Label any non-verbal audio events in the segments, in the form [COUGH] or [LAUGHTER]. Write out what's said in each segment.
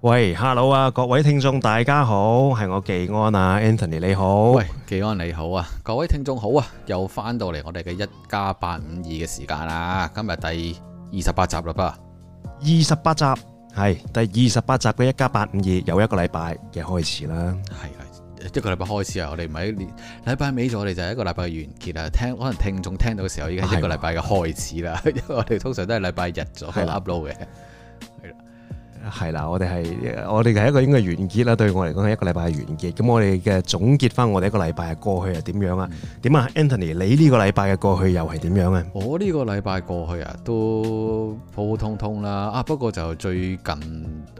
喂 Hello 啊 Anthony，各位聽眾大家好，係我紀安啊，Anthony 你好，喂，紀安你好啊，各位聽眾好啊，又翻到嚟我哋嘅一加八五二嘅時間啊，今日第二十八集啦，二十八集係第二十八集嘅一加八五二，又一個禮拜嘅開始啦，係啊，一個禮拜開始啊，我哋唔係禮拜尾咗，我哋就係一個禮拜嘅完結，聽可能聽眾聽到嘅時候已經係一個禮拜嘅開始啦，的因為我哋通常都係禮拜日咗去 upload 嘅。的係啦，我哋係我哋係一個應該完結啦，對我嚟講係一個禮拜嘅完結。咁我哋嘅總結翻我哋一個禮拜嘅過去係點樣啊？點啊、嗯、，Anthony，你呢個禮拜嘅過去又係點樣啊？我呢個禮拜過去啊，都普普通通啦。啊，不過就最近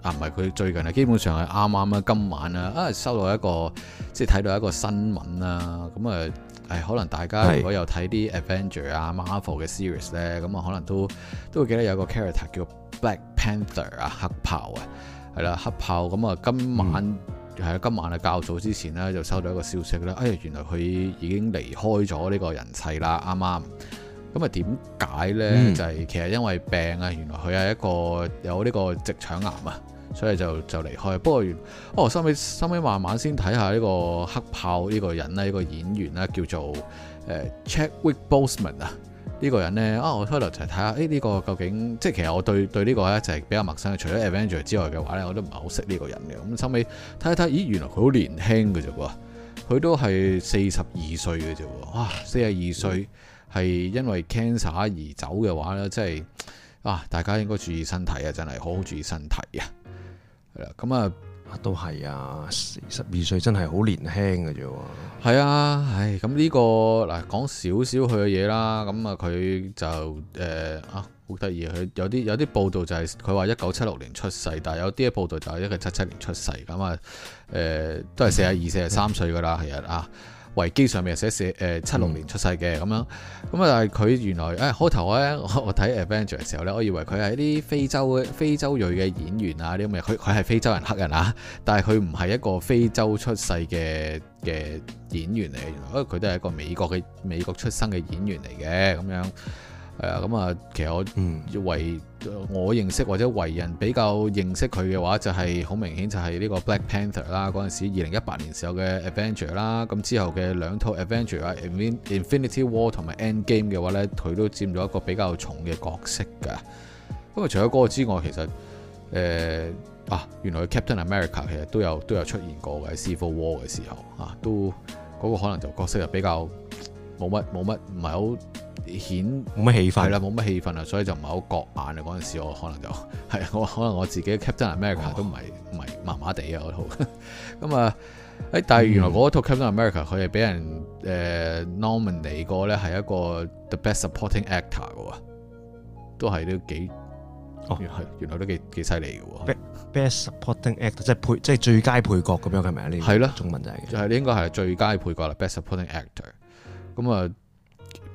啊，唔係佢最近係，基本上係啱啱啦。今晚啊，啊收到一個即係睇到一個新聞啦，咁啊。嗯誒、哎、可能大家如果有睇啲 Avenger 啊 Marvel 嘅 series 咧，咁啊可能都都會記得有個 character 叫 Black Panther 啊，黑豹啊，係啦，黑豹咁啊，今晚係啊，今晚啊較早之前咧就收到一個消息啦，哎原來佢已經離開咗呢個人世啦，啱啱。咁啊點解咧？嗯、就係其實因為病啊，原來佢係一個有呢個直腸癌啊。所以就就離開。不過哦，收尾收尾慢慢先睇下呢個黑豹呢個人呢呢、呢個演員呢叫做 Chadwick Boseman 啊，呢、呃、個人呢，啊，我推來就睇下誒呢個究竟，即係其實我對對呢個就係比較陌生嘅，除咗 Avenger 之外嘅話呢，我都唔係好識呢個人嘅。咁收尾睇一睇，咦原來佢好年輕嘅啫喎，佢都係四十二歲嘅啫喎，四十二歲係因為 cancer 而走嘅話呢，即係啊大家應該注意身體啊，真係好好注意身體啊！咁啊都係啊，四十二歲真係好年輕嘅啫喎。係啊，唉，咁呢、這個嗱講少少佢嘅嘢啦，咁、呃、啊佢就誒啊好得意，佢有啲有啲報道就係佢話一九七六年出世，但係有啲嘅報道就係一九七七年出世，咁啊誒都係四十二四十三歲噶啦，係、嗯嗯、啊。維基上面寫寫誒七六年出世嘅咁樣，咁啊佢原來誒開頭咧，我睇《Avenger》嘅時候咧，我以為佢係一啲非洲嘅非洲裔嘅演員啊啲咁嘅，佢佢係非洲人黑人啊，但係佢唔係一個非洲出世嘅嘅演員嚟，原來佢都係一個美國嘅美國出生嘅演員嚟嘅咁樣。係啊，咁啊，其實我為、嗯、我認識或者為人比較認識佢嘅話，就係、是、好明顯就係呢個 Black Panther 啦。嗰陣時二零一八年時候嘅 Avenger 啦，咁之後嘅兩套 Avenger 啊，Infinity War 同埋 End Game 嘅話咧，佢都佔咗一個比較重嘅角色㗎。不過除咗嗰個之外，其實誒、呃、啊，原來 Captain America 其實都有都有出現過嘅，Civil War 嘅時候啊，都嗰、那個可能就角色又比較冇乜冇乜唔係好。顯冇乜氣氛，係啦，冇乜氣氛啊，所以就唔係好覺眼啊。嗰陣時我可能就係我可能我自己 Captain America、oh. 都唔係唔係麻麻地啊。嗰套，咁啊！誒，但係原來嗰套 Captain America 佢係俾人誒 Nominate 過咧係一個 The Best Supporting Actor 嘅喎，都係都幾哦，係、oh. 原來都幾幾犀利嘅喎。Best Supporting Actor 即係配即係最佳配角咁樣係咪？呢係咯，中文就係就係應該係最佳配角啦。Best Supporting Actor 咁啊。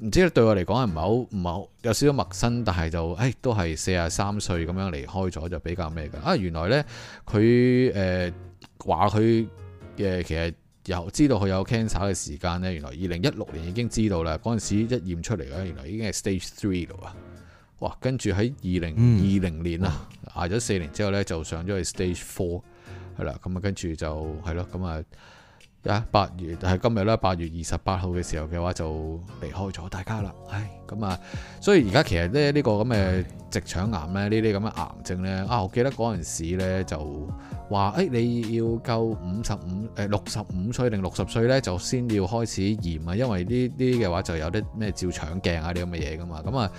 唔知對我嚟講係唔係好唔係好有少少陌生，但係就誒、哎、都係四啊三歲咁樣離開咗就比較咩㗎啊！原來呢，佢誒話佢嘅其實有知道佢有 cancer 嘅時間呢。原來二零一六年已經知道啦，嗰陣時一驗出嚟咧，原來已經係 stage three 啦喎！哇，跟住喺二零二零年啊挨咗四年之後呢，就上咗去 stage four 係啦，咁啊跟住就係咯，咁啊～啊！八月係今日呢，八月二十八號嘅時候嘅話就離開咗大家啦。唉，咁啊，所以而家其實咧呢、呢個咁嘅直腸癌咧呢啲咁嘅癌症咧啊，我記得嗰陣時咧就話誒、哎、你要夠五十五誒六十五歲定六十歲咧就先要開始驗啊，因為呢啲嘅話就有啲咩照腸鏡啊啲咁嘅嘢噶嘛，咁啊。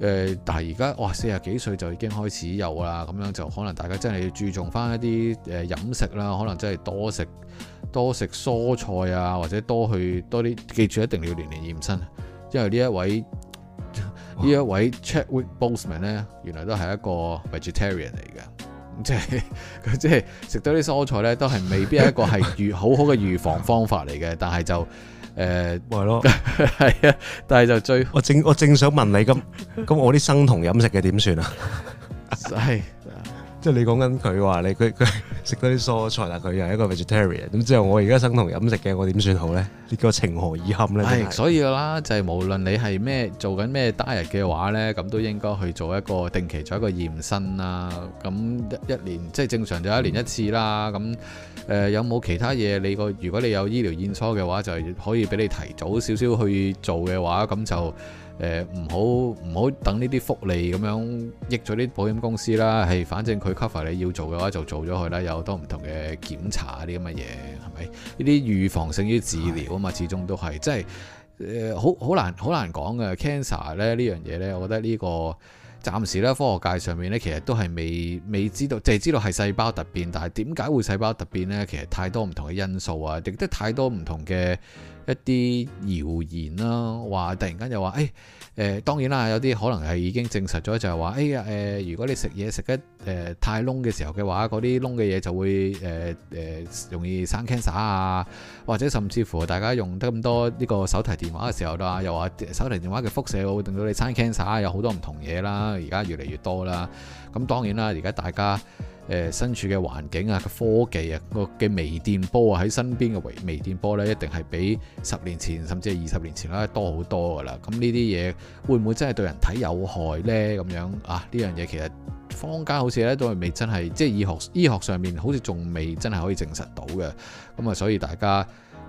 誒、呃，但係而家哇，四十幾歲就已經開始有啦，咁樣就可能大家真係要注重翻一啲誒飲食啦，可能真係多食多食蔬菜啊，或者多去多啲，記住一定要年年驗身，因為呢一位呢哇一位 Chadwick Boseman 呢原來都係一個 vegetarian 嚟嘅，即係咁即係食多啲蔬菜呢，都係未必係一個係預好好嘅預防方法嚟嘅， [LAUGHS] 但係就。誒，係咯，係啊，但係就最我正我正想問你咁，咁我啲生酮飲食嘅，點算啊？係，即係你講緊佢話你佢佢食多啲蔬菜啦，佢又係一個 vegetarian。咁之後我而家生酮飲食嘅我點算好咧？呢個情何以堪咧？係，所以嘅啦，就係無論你係咩做緊咩 diet 嘅話咧，咁都應該去做一個定期做一個驗身啦。咁一年即係正常就一年一次啦。咁。誒、呃、有冇其他嘢？你如果你有醫療驗初嘅話，就可以俾你提早少少去做嘅話，咁就誒唔好唔好等呢啲福利咁樣益咗啲保險公司啦。係，反正佢 cover 你要做嘅話，就做咗佢啦。有好多唔同嘅檢查啲咁嘅嘢，係咪？呢啲預防勝於治療啊嘛，始終都係，即係誒好好難好難講嘅 cancer 咧呢樣嘢咧，我覺得呢、這個。暫時咧，科學界上面咧，其實都係未未知道，就係知道係細胞突變，但係點解會細胞突變呢？其實太多唔同嘅因素啊，亦都太多唔同嘅一啲謠言啦，話突然間又話，哎誒、呃、當然啦，有啲可能係已經證實咗，就係話，哎呀，誒、呃、如果你食嘢食得誒、呃、太燶嘅時候嘅話，嗰啲燶嘅嘢就會誒誒、呃呃、容易生 cancer 啊，或者甚至乎大家用得咁多呢個手提電話嘅時候啦，又話手提電話嘅輻射會令到你生 cancer 啊，有好多唔同嘢啦，而家越嚟越多啦。咁當然啦，而家大家，誒身處嘅環境啊，科技啊，個嘅微電波啊，喺身邊嘅微微電波呢，一定係比十年前甚至係二十年前啦多好多㗎喇。咁呢啲嘢會唔會真係對人體有害呢？咁樣啊，呢樣嘢其實坊間好似呢都係未真係，即係醫學醫學上面好似仲未真係可以證實到嘅。咁啊，所以大家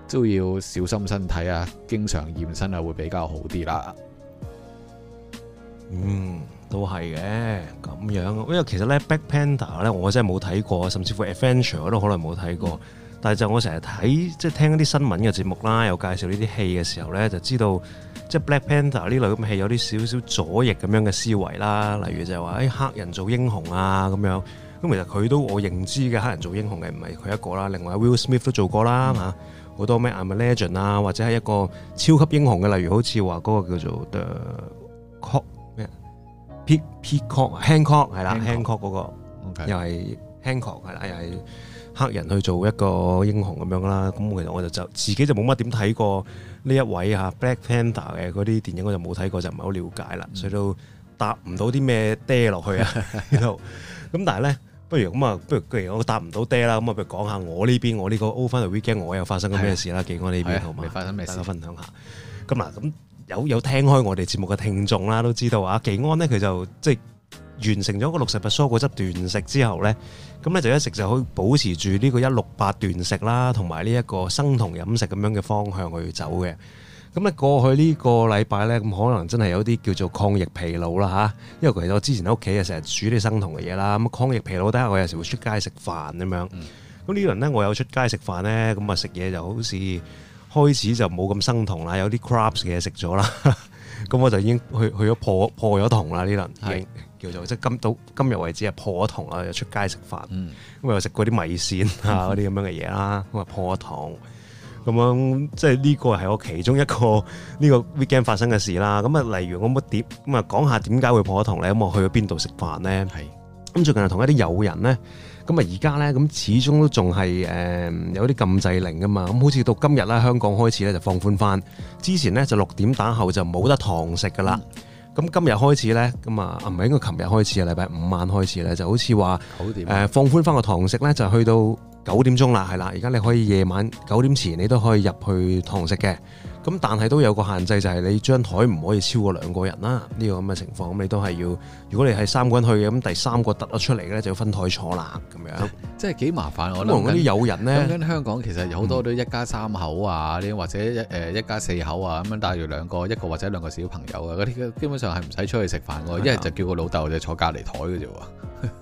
都要小心身體啊，經常驗身啊會比較好啲啦。嗯。都係嘅咁樣，因為其實咧《Black Panther》咧，我真係冇睇過，甚至乎《Adventure》我都好耐冇睇過。但係就我成日睇即係聽一啲新聞嘅節目啦，有介紹呢啲戲嘅時候咧，就知道即係《就是、Black Panther》呢類咁嘅戲有啲少少左翼咁樣嘅思維啦。例如就係話，誒黑人做英雄啊咁樣。咁其實佢都我認知嘅黑人做英雄嘅唔係佢一個啦？另外 Will Smith 都做過啦嚇，好、嗯、多咩 I Am Legend 啊，或者係一個超級英雄嘅，例如好似話嗰個叫做 Peacock, Hancock 係啦 Hancock 嗰個 Okay, 又係 Hancock 係啦，又係黑人去做一個英雄咁樣啦。咁其實我就就自己就冇乜點睇過呢一位啊，Black Panther 嘅嗰啲電影我就冇睇過，就唔係好了解啦。所以都答唔到啲咩爹落去啊度。咁但係咧，不如咁啊，不如不如我答唔到爹啦，咁啊不如講下我呢邊，我呢個 over the weekend 我又發生咗咩事啦？記我呢邊好嗎？大家分享下。咁啊咁。有有聽開我哋節目嘅聽眾啦，都知道啊，技安呢，佢就即係完成咗個六十粒蔬果汁斷食之後呢，咁呢就一食就可以保持住呢個一六八斷食啦，同埋呢一個生酮飲食咁樣嘅方向去走嘅。咁呢過去呢個禮拜呢，咁可能真係有啲叫做抗疫疲勞啦嚇，因為其實我之前喺屋企啊，成日煮啲生酮嘅嘢啦，咁抗疫疲勞底下，我有時會出街食飯咁樣，咁呢輪呢，我有出街食飯呢，咁啊食嘢就好似。開始就冇咁生酮啦，有啲 crabs 嘅嘢食咗啦，咁我就已經去去咗破破咗酮啦，呢輪，係是叫做即係今到今日為止啊破咗酮啊，又出街食飯，咁啊又食嗰啲米線啊嗰啲咁樣嘅嘢啦，咁啊破咗酮，咁樣即係呢個係我其中一個呢、這個 weekend 發生嘅事啦。咁啊，例如我乜碟，咁啊講下點解會破咗酮咧？咁我去咗邊度食飯咧？係是，咁最近係同一啲友人咧。咁啊，而家呢，咁始終都仲係誒有啲禁制令噶嘛，咁好似到今日咧，香港開始咧就放寬翻，之前呢就六點打後就冇得堂食噶啦，咁、嗯、今日開始呢，咁啊唔係應該琴日開始啊，禮拜五晚開始咧，就好似話誒放寬翻個堂食呢，就去到九點鐘啦，係啦，而家你可以夜晚九點前你都可以入去堂食嘅。咁但係都有個限制，就係你張台唔可以超過兩個人啦。呢個咁嘅情況，咁你都係要，如果你係三個人去嘅，咁第三個突咗出嚟咧，就要分台坐啦。咁樣即係幾麻煩。我諗同啲友人呢，香港其實好多都一家三口啊，嗯、或者一誒、呃、一家四口啊咁樣帶住兩個一個或者兩個小朋友啊。嗰啲，基本上係唔使出去食飯嘅，的一係就叫個老豆就坐隔離台嘅啫喎。 [LAUGHS]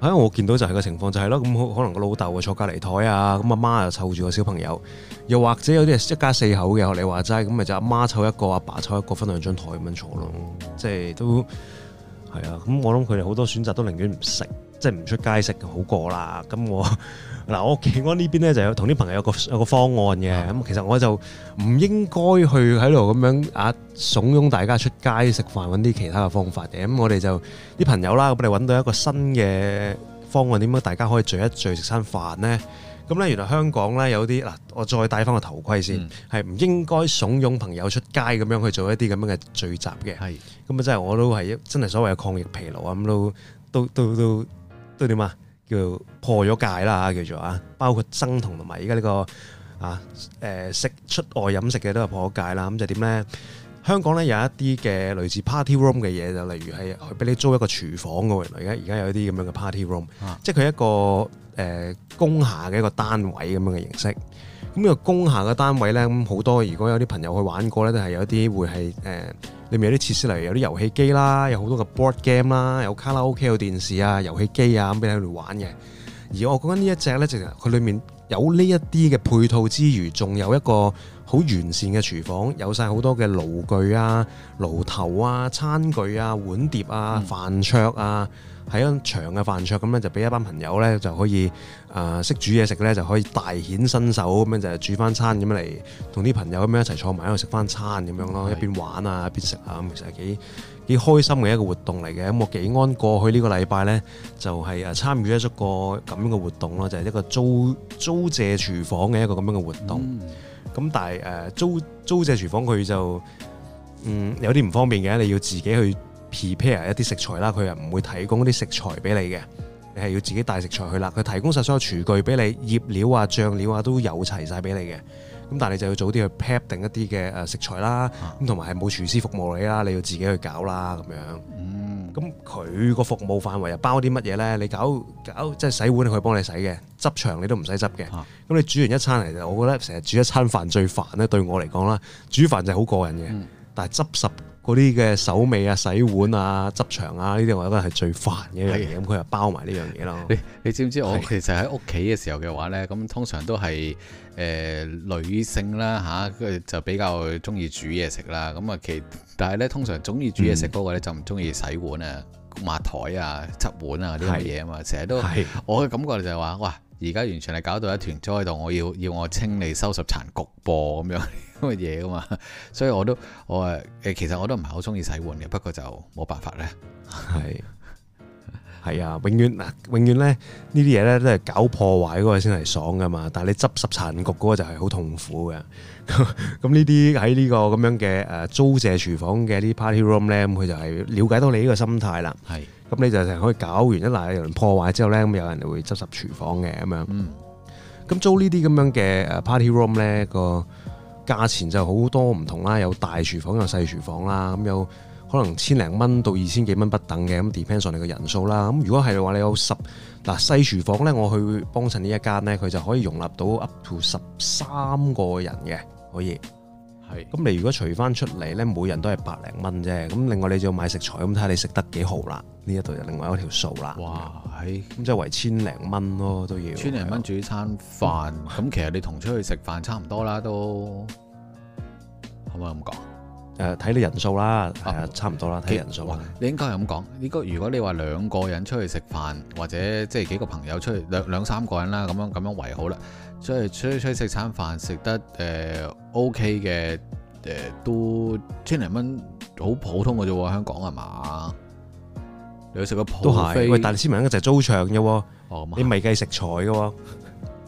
唉，我見到就係個情況就係咯，咁可能個老豆啊坐隔離台啊，咁阿媽又湊住個小朋友，又或者有啲係一家四口嘅，學你話齋咁咪就阿媽湊一個，阿爸湊一個，分兩張台咁樣坐咯，即係都係啊，咁我諗佢哋好多選擇都寧願唔食。即係唔出街食好過啦，咁我嗱 [LAUGHS] 我屋企呢邊咧就有同啲朋友有個有個方案嘅，咁、嗯、其實我就唔應該去喺度咁樣啊慫恿大家出街食飯，揾啲其他嘅方法嘅，咁我哋就啲朋友啦，咁我哋揾到一個新嘅方案，點解大家可以聚一聚食餐飯呢？咁咧原來香港咧有啲嗱，我再戴翻個頭盔先，係唔、嗯、應該慫恿朋友出街咁樣去做一啲咁樣嘅聚集嘅，係咁啊即係我都係真係所謂嘅抗疫疲勞啊咁都都都都。都都都都都都都點啊？叫破咗戒啦，叫做啊！包括生酮同埋而家呢個啊食出外飲食嘅都係破咗戒啦。咁就點呢？香港呢有一啲嘅類似 party room 嘅嘢，就例如係去俾你租一個廚房咁樣。而家而家有啲咁樣嘅 party room，啊、即係佢一個誒、呃、工廈嘅一個單位咁樣嘅形式。咁呢個工廈嘅單位呢，咁好多。如果有啲朋友去玩過呢，都係有啲會係誒，呃、裏面有啲設施，例如有啲遊戲機啦，有好多嘅 board game 啦，有卡拉 OK、有電視啊、遊戲機啊，咁俾佢哋玩嘅。而我講緊呢一隻呢，其實佢裏面有呢一啲嘅配套之餘，仲有一個好完善嘅廚房，有晒好多嘅爐具啊、爐頭啊、餐具啊、碗碟啊、嗯、飯桌啊，係一張長嘅飯桌咁呢就俾一班朋友呢就可以。誒識煮嘢食咧，就可以大顯身手咁樣，就係、是、煮翻餐咁樣嚟同啲朋友咁樣一齊坐埋喺度食翻餐咁樣咯，一邊玩啊，一邊食啊咁，其實幾幾開心嘅一個活動嚟嘅。咁我幾安過去呢個禮拜咧，就係誒參與咗一個咁樣嘅活動咯，就係一個租租借廚房嘅一個咁樣嘅活動。咁、嗯、但係誒租租借廚房佢就嗯有啲唔方便嘅，你要自己去 prepare 一啲食材啦，佢又唔會提供嗰啲食材俾你嘅。係要自己帶食材去啦，佢提供晒所有廚具俾你，醃料啊、醬料啊都有齊晒俾你嘅。咁但係你就要早啲去 pack 定一啲嘅誒食材啦。咁同埋係冇廚師服務你啦，你要自己去搞啦咁樣。咁佢、嗯、個服務範圍又包啲乜嘢咧？你搞搞即係洗碗，佢可以幫你洗嘅；執場你都唔使執嘅。咁、啊、你煮完一餐嚟就，我覺得成日煮一餐飯最煩咧。對我嚟講啦，煮飯就好過癮嘅，嗯、但係執拾，嗰啲嘅手尾啊、洗碗啊、執場啊，呢啲我覺得係最煩嘅一樣嘢，咁佢又包埋呢樣嘢啦。你知唔知我其實喺屋企嘅時候嘅話呢？咁是的 通常都係誒、呃、女性啦吓，佢、啊、就比較中意煮嘢食啦。咁啊其，但係呢，通常中意煮嘢食嗰個呢就唔中意洗碗啊、嗯、啊碗啊、抹台啊、執碗啊啲嘢啊嘛，成日都是的 我嘅感覺就係、是、話，哇！而家完全係搞到一團災喺度，我要要我清理收拾殘局噃咁樣啲乜嘢噶嘛， [LAUGHS] 所以我都我誒誒，其實我都唔係好中意洗碗嘅，不過就冇辦法咧。係係啊，永遠嗱，永遠咧呢啲嘢咧都係搞破壞嗰個先係爽噶嘛，但係你執拾殘局嗰個就係好痛苦嘅。咁呢啲喺呢個咁樣嘅誒租借廚房嘅呢啲 Party Room 咧，佢就係了解到你呢個心態啦。係。咁你就成可以搞完一嚟有人破壞之後咧，咁有人就會執拾廚房嘅咁樣。咁、嗯、租呢啲咁樣嘅 party room 咧，個價錢就好多唔同啦，有大廚房有細廚房啦，咁有可能千零蚊到二千幾蚊不等嘅，咁 depends on 你嘅人數啦。咁如果係嘅話，你有十嗱細廚房咧，我去幫襯呢一間咧，佢就可以容納到 up to 十三個人嘅可以。係，咁是你如果除返出嚟咧，每人都係百零蚊啫。咁另外你就要買食材，咁睇下你食得幾豪啦。呢一度就另外一條數啦。哇，咁即係圍千零蚊咯都要。千零蚊煮一餐飯，咁 [LAUGHS] 其實你同出去食飯差唔多啦，都可唔可以咁講？誒、啊，睇你人數啦，係啊，是差唔多啦，睇其人數啊。你應該係咁講，應該如果你話兩個人出去食飯，或者即係幾個朋友出去兩兩三個人啦，咁樣咁樣圍好啦。所以出出食餐飯食得誒、呃、OK 嘅誒、呃、都千零蚊好普通嘅啫喎，香港係嘛？你去食個普飛，但你先明嘅就係、是、租場啫喎，哦、你未計食材嘅喎。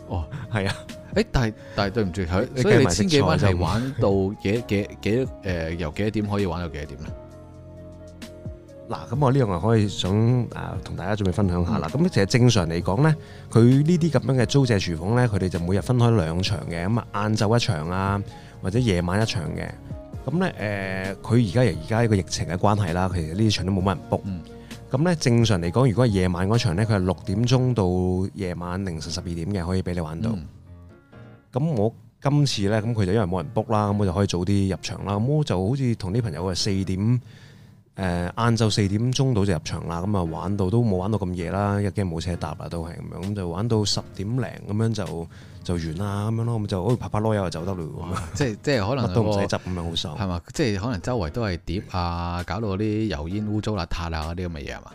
哦，係啊，誒、欸，但係但係對唔住佢，所以你千幾蚊就玩到幾幾幾誒、呃、由幾多點可以玩到幾多點咧？嗱，咁我呢樣又可以想啊，同大家準備分享下啦。咁其實正常嚟講咧，佢呢啲咁樣嘅租借廚房咧，佢哋就每日分開兩場嘅，咁啊晏晝一場啊，或者夜晚一場嘅。咁咧誒，佢而家由而家呢個疫情嘅關係啦，其實呢啲場都冇乜人 book。咁咧正常嚟講，如果係夜晚嗰場咧，佢係六點鐘到夜晚凌晨十二點嘅，可以俾你玩到。咁我今次咧，咁佢就因為冇人 book 啦，咁我就可以早啲入場啦。咁我就好似同啲朋友係四點。誒晏晝四點鐘到就入場啦，咁啊玩到都冇玩到咁夜啦，一驚冇車搭啦，都係咁樣，咁就玩到十點零咁樣就就完啦，咁樣咯，咁就可以拍拍籮柚就走得咯喎。即係即係可能都唔使執咁樣好爽。係嘛？即係可能周圍都係碟啊，搞到啲油煙污糟邋遢啊啲咁嘅嘢嘛。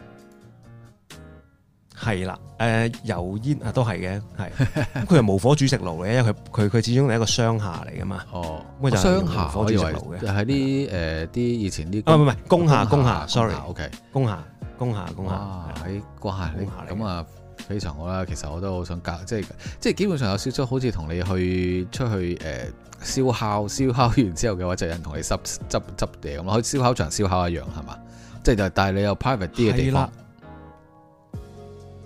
係啦，誒、呃、油煙啊都係嘅，係佢又無火煮食爐咧，因為佢佢佢始終係一個商廈嚟噶嘛，哦，是哦。商廈可以話嘅，就係啲誒啲以前啲，唔唔唔，工廈工廈，sorry，ok，工廈工廈工廈，喺關下，咁啊、okay. 嗯、非常好啦，其實我都好想隔，即係即係基本上有少少好似同你去出去誒燒烤，燒烤完之後嘅話就有人同你執執執地咁咯，去燒烤場燒烤一樣係嘛，即係就係、但係你有 private 啲嘅地方。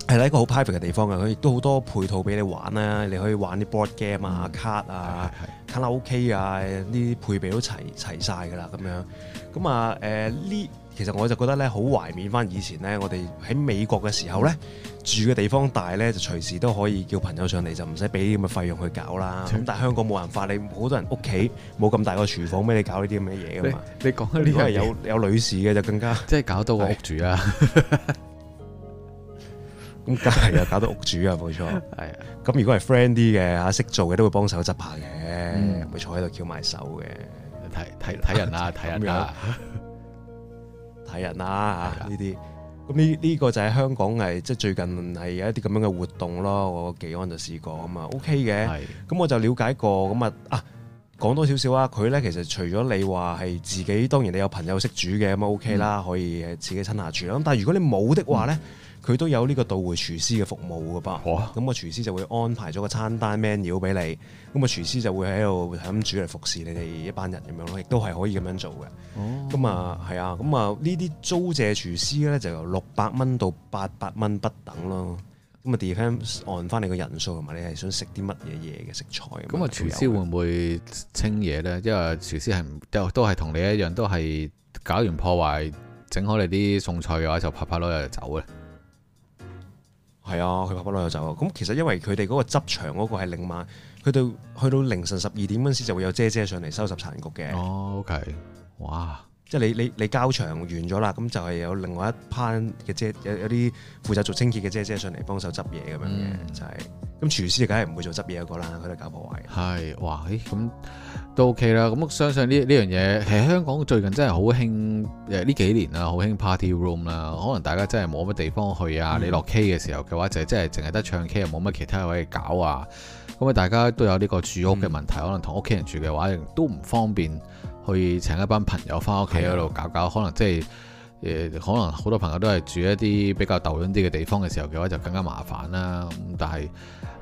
係啦一個好 private 嘅地方嘅，佢亦都好多配套俾你玩咧，你可以玩啲 board game 啊、嗯、card 啊、卡拉 OK 啊，呢啲配備都齊齊曬噶啦咁樣。咁啊誒呢，其實我就覺得咧，好懷念翻以前咧，我哋喺美國嘅時候咧，住嘅地方大咧，就隨時都可以叫朋友上嚟，就唔使俾啲咁嘅費用去搞啦。咁全但係香港冇辦法，你好多人屋企冇咁大個廚房俾你搞呢啲咁嘅嘢噶嘛。你講呢啲係有有女士嘅就更加，即係搞到個屋住啊！是 [LAUGHS] 咁梗係又搞到屋主啊，冇錯，係 [LAUGHS] 啊。咁如果係 friend 啲嘅吓，識做嘅都會幫、嗯、手執下嘅，咪坐喺度翹埋手嘅，睇睇睇人啦、啊，睇人啦、啊，睇又人啦、啊、吓，呢啲、 [LAUGHS] 啊。咁呢呢個就係香港係即係最近係有一啲咁樣嘅活動咯。我幾安就試過啊 OK 嘅。咁、OK、的我就了解過，咁啊啊講多少少啊。佢咧其實除咗你話係自己，嗯、當然你有朋友識煮嘅咁 OK 啦，可以自己親下廚。咁、嗯、但係如果你冇的話咧。嗯佢都有呢個到會廚師嘅服務嘅噃、哦，咁個、嗯、廚師就會安排咗個餐單 menu 俾你，咁個廚師就會喺度係咁煮嚟服侍你哋一班人咁樣咯，亦都係可以咁樣做嘅。咁啊係啊，咁啊呢啲租借廚師咧就由六百蚊到八百蚊不等咯。咁、嗯、啊，depends 按翻你個人數同埋你係想食啲乜嘢嘢嘅食材。咁啊，廚師會唔會清嘢咧？因為廚師係都都係同你一樣，都係搞完破壞整好你啲餸菜嘅話，就拍拍籮柚走嘅。係啊，佢跑跑落又走啊。咁其實因為佢哋嗰個執場嗰個係凌晨，去到去到凌晨十二點嗰陣時就會有姐姐上嚟收拾殘局嘅。哦、oh，OK，哇、wow！即係你你你交場完咗啦，咁就係有另外一班嘅姐有有啲負責做清潔嘅姐姐上嚟幫手執嘢咁樣嘅，mm. 就係、是。咁廚師梗係唔會做執嘢一個啦，佢哋搞破壞嘅。係，哇！咁、欸、都 OK 啦。咁我相信呢呢樣嘢係香港最近真係好興誒呢幾年啦，好興 Party Room 啦。可能大家真係冇乜地方去啊。嗯、你落 K 嘅時候嘅話，就係、是、真係淨係得唱 K，又冇乜其他位搞啊。咁啊，大家都有呢個住屋嘅問題，嗯、可能同屋企人住嘅話，都唔方便去請一班朋友翻屋企嗰度搞搞，可能即係。誒，可能好多朋友都係住一啲比較逗遠啲嘅地方嘅時候嘅話，就更加麻煩啦。咁但係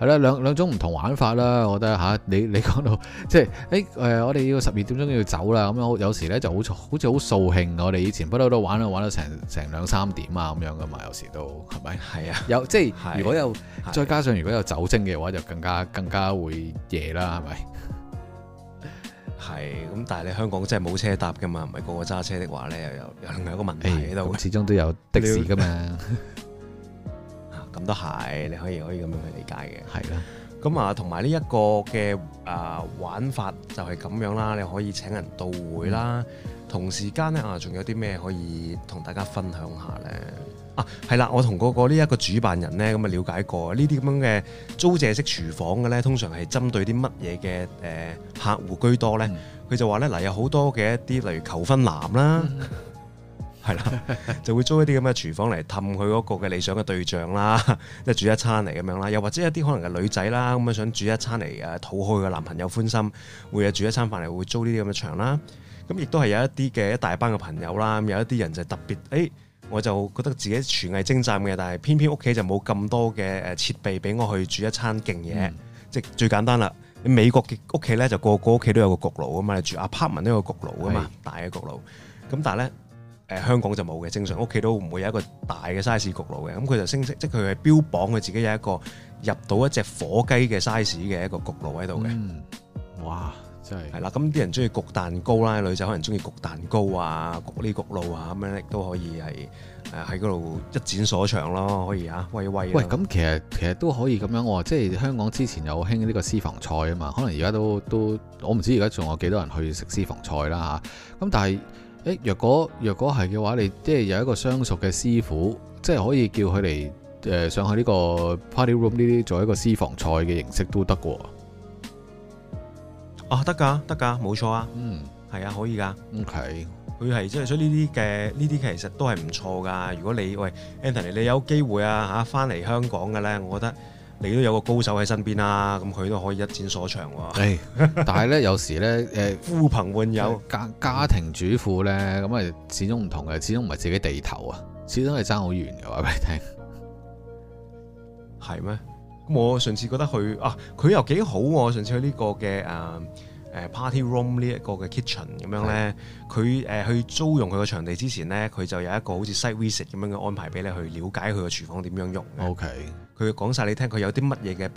係啦兩，兩種唔同玩法啦。我覺得，吓、你你講到即係誒、欸呃、我哋要十二點鐘要走啦。咁有時咧就好嘈，好似好掃興。我哋以前不嬲都玩啊玩到成成兩三點啊咁樣㗎嘛。有時都係咪？係啊，有即係如果有是再加上如果有酒精嘅話就更加更加會夜啦係咪？係，咁但係你香港真係冇車搭噶嘛？唔係個個揸車的話咧，又有，又有另外一個問題喺度。欸、始終都有的士噶嘛，咁都係，你可以可以咁樣去理解嘅。係啦的，咁啊，同埋呢一個嘅啊玩法就係咁樣啦。你可以請人到會啦，嗯、同時間咧啊，仲有啲咩可以同大家分享一下咧？啊，係啦，我同嗰個呢一個主辦人咧，咁啊了解過呢啲咁樣嘅租借式廚房嘅咧，通常係針對啲乜嘢嘅誒客戶居多咧？佢、嗯、就話咧，嗱有好多嘅一啲，例如求婚男啦，係啦、嗯， [LAUGHS] 就會租一啲咁嘅廚房嚟氹佢嗰個嘅理想嘅對象啦，即係煮一餐嚟咁樣啦。又或者一啲可能係女仔啦，咁樣想煮一餐嚟誒討好佢嘅男朋友歡心，會啊煮一餐飯嚟會租呢啲咁嘅場啦。咁、嗯、亦都係有一啲嘅一大班嘅朋友啦，咁有一啲人就特別誒。哎我就覺得自己廚藝精湛嘅，但係偏偏屋企就冇咁多嘅誒設備俾我去煮一餐勁嘢，嗯、即係最簡單啦。美國嘅屋企咧就個個屋企都有個焗爐啊嘛，你住 apartment 都有個焗爐啊嘛，是 大嘅焗爐。咁但係咧，誒、呃、香港就冇嘅，正常屋企都唔會有一個大嘅 size 焗爐嘅。咁佢就升職，即佢係標榜佢自己有一個入到一隻火雞嘅 size 嘅一個焗爐喺度嘅。嗯、哇！係啦，咁啲人中意焗蛋糕啦，女仔可能中意焗蛋糕啊，焗呢焗爐啊，咁樣亦都可以係喺嗰度一展所長咯，可以啊，喂喂喂，咁其實其實都可以咁樣喎，即係香港之前有興呢個私房菜啊嘛，可能而家都都我唔知而家仲有幾多人去食私房菜啦咁、啊、但係、欸、若果若果係嘅話，你即係有一個相熟嘅師傅，即係可以叫佢嚟、呃、上去呢個 party room 呢啲做一個私房菜嘅形式都得喎。啊，得㗎，得㗎，冇錯啊。嗯，係啊，可以㗎。以嗯、以 OK，佢係即係，所以呢啲嘅呢啲其實都係唔錯㗎。如果你喂 Anthony，你有機會啊嚇翻嚟香港嘅咧，我覺得你都有個高手喺身邊啦。咁佢都可以一展所長喎。對 [LAUGHS] 但係咧有時咧誒，呼朋喚友家家庭主婦咧，咁誒始終唔同嘅，始終唔係自己地頭啊，始終係爭好遠嘅。話俾你聽，係咩？我上次覺得佢啊，佢又幾好喎、啊！上次去呢個嘅、uh, party room 呢個這樣呢一個嘅 kitchen 咁樣咧，佢的、呃、去租用佢個場地之前咧，佢就有一個好似 site visit 咁樣嘅安排俾你去了解佢個廚房點樣用嘅。佢講晒你聽，佢有啲乜嘢嘅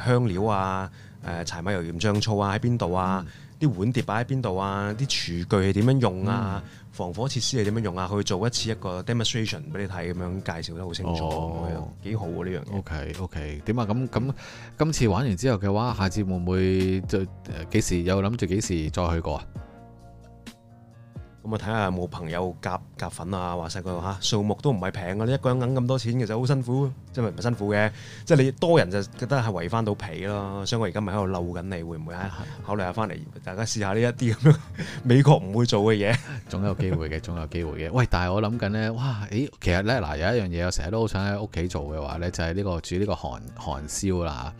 誒香料啊、誒柴米油鹽醬醋啊喺邊度啊？啲、嗯、碗碟擺喺邊度啊？啲廚具係點樣用啊？嗯、防火設施係點樣用啊？佢做一次一個 demonstration 俾你睇，咁樣介紹得好清楚，幾、哦嗯、好啊呢、okay, okay, 樣嘢。O K O K 點啊？咁咁今次玩完之後嘅話，下次會唔會再呃、幾時有諗住幾時再去過啊？咁啊，睇下有冇朋友夾夾粉啊？話曬個嚇數目都唔係平嘅，你一個人揞咁多錢其實好辛苦，即係唔係辛苦嘅？即係你多人就覺得係圍翻到皮咯。所以我而家咪喺度嬲緊，你會唔會考慮下翻嚟？大家試下呢一啲咁樣美國唔會做嘅嘢，總有機會嘅，總有機會嘅。喂，但係我諗緊咧，哇！咦，其實咧嗱，有一樣嘢我成日都好想喺屋企做嘅話咧，就係呢個煮呢個韓韓燒啦。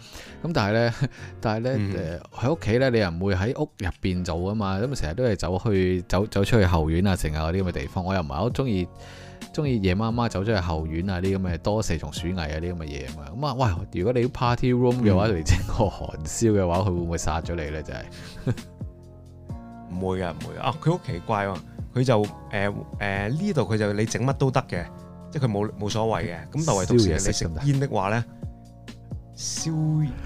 咁但係咧，但係咧，誒喺屋企咧，嗯、你又唔會喺屋入邊做啊嘛？咁啊，成日都係走去走走出去。後院啊，成日嗰啲咁嘅地方，我又唔係好中意，中意夜媽媽走咗去後院啊，啲咁嘅多蛇蟲鼠蟻啊，啲咁嘅嘢啊嘛。咁啊，喂，如果你 party room 嘅話嚟整個韓燒嘅話，佢、嗯、會唔會殺咗你咧？就係唔會啊，唔會啊！佢好奇怪喎，佢、呃呃、就誒誒呢度佢就你整乜都得嘅，即係佢冇冇所謂嘅。咁但係同時，熱食你食煙嘅話咧。嗯燒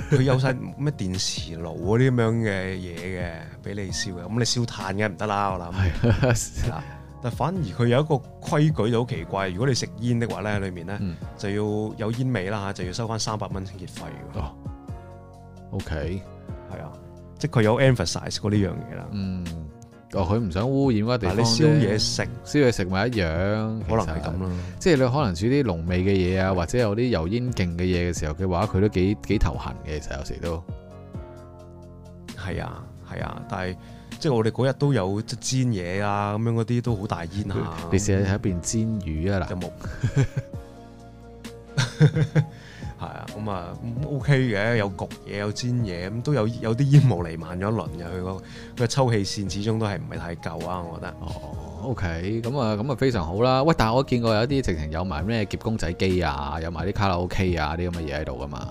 佢有晒咩電磁爐嗰啲咁樣嘅嘢嘅，俾你燒嘅，咁你燒炭梗唔得啦，我諗 [LAUGHS] 但反而佢有一個規矩就好奇怪，如果你食煙的話咧，喺裏面咧就要有煙味啦嚇，就要收翻三百蚊清潔費喎。哦。O K。係啊，即係佢有 emphasize 過呢樣嘢啦。嗯。哦，佢唔想污染嗰個地方嘅。但係你燒嘢食，燒嘢食咪一樣，可能係咁咯。即係你可能煮啲濃味嘅嘢啊，對 或者有啲油煙勁嘅嘢嘅時候，嘅話佢都幾幾頭痕嘅，其實有時都。係啊，係啊，但係即係我哋嗰日都有煎嘢啊，咁樣嗰啲都好大煙啊。你試喺邊煎魚啊嗱。有木 [LAUGHS] [LAUGHS] 係啊，咁啊 OK 嘅，有焗嘢有煎嘢，咁都有有啲煙霧瀰漫咗一輪嘅，佢個個抽氣線始終都係唔係太夠啊，我覺得。哦，OK，咁啊咁啊非常好啦。喂，但係我見過有啲直情有埋咩夾公仔機啊，有埋啲卡拉 OK 啊啲咁嘅嘢喺度㗎嘛。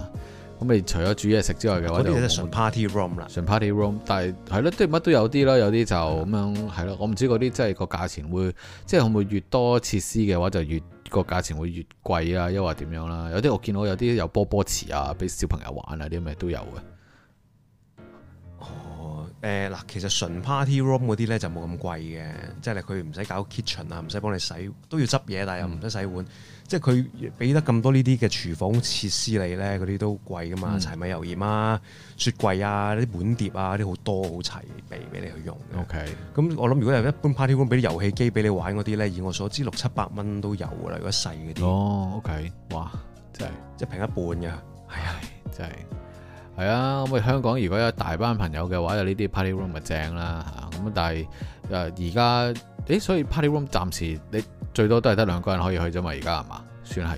咁咪除咗煮嘢食之外嘅話就，嗰啲都係純 party room 啦。純 party room，但係係咯，即係乜都有啲啦，有啲就咁樣係咯。我唔知嗰啲即係個價錢會，即係會唔會越多設施嘅話就越個價錢會越貴啊？又或點樣啦？有啲我見到有啲有波波池啊，俾小朋友玩啊啲咩都有嘅誒嗱，其實純 party room 嗰啲咧就冇咁貴嘅，即係佢唔使搞 kitchen 啊，唔使幫你洗都要執嘢，但又唔使洗碗。嗯、即係佢俾得咁多呢啲嘅廚房設施你咧，嗰啲都貴噶嘛，柴、嗯、米油鹽啊、雪櫃啊、啲碗碟啊，啲好多好齊備俾你去用。OK，咁我諗如果有一般 party room 俾啲遊戲機俾你玩嗰啲咧，以我所知六七百蚊都有噶啦，如果細嗰啲。哦、oh，OK，哇，真係即係是是平一半㗎，係、哎、啊，真係。係啊，咁香港如果有大班朋友嘅話，有呢啲 party room 咪正啦吓。咁、啊、但係誒而家，誒所以 party room 暫時你最多都係得兩個人可以去啫嘛。而家係嘛，算係。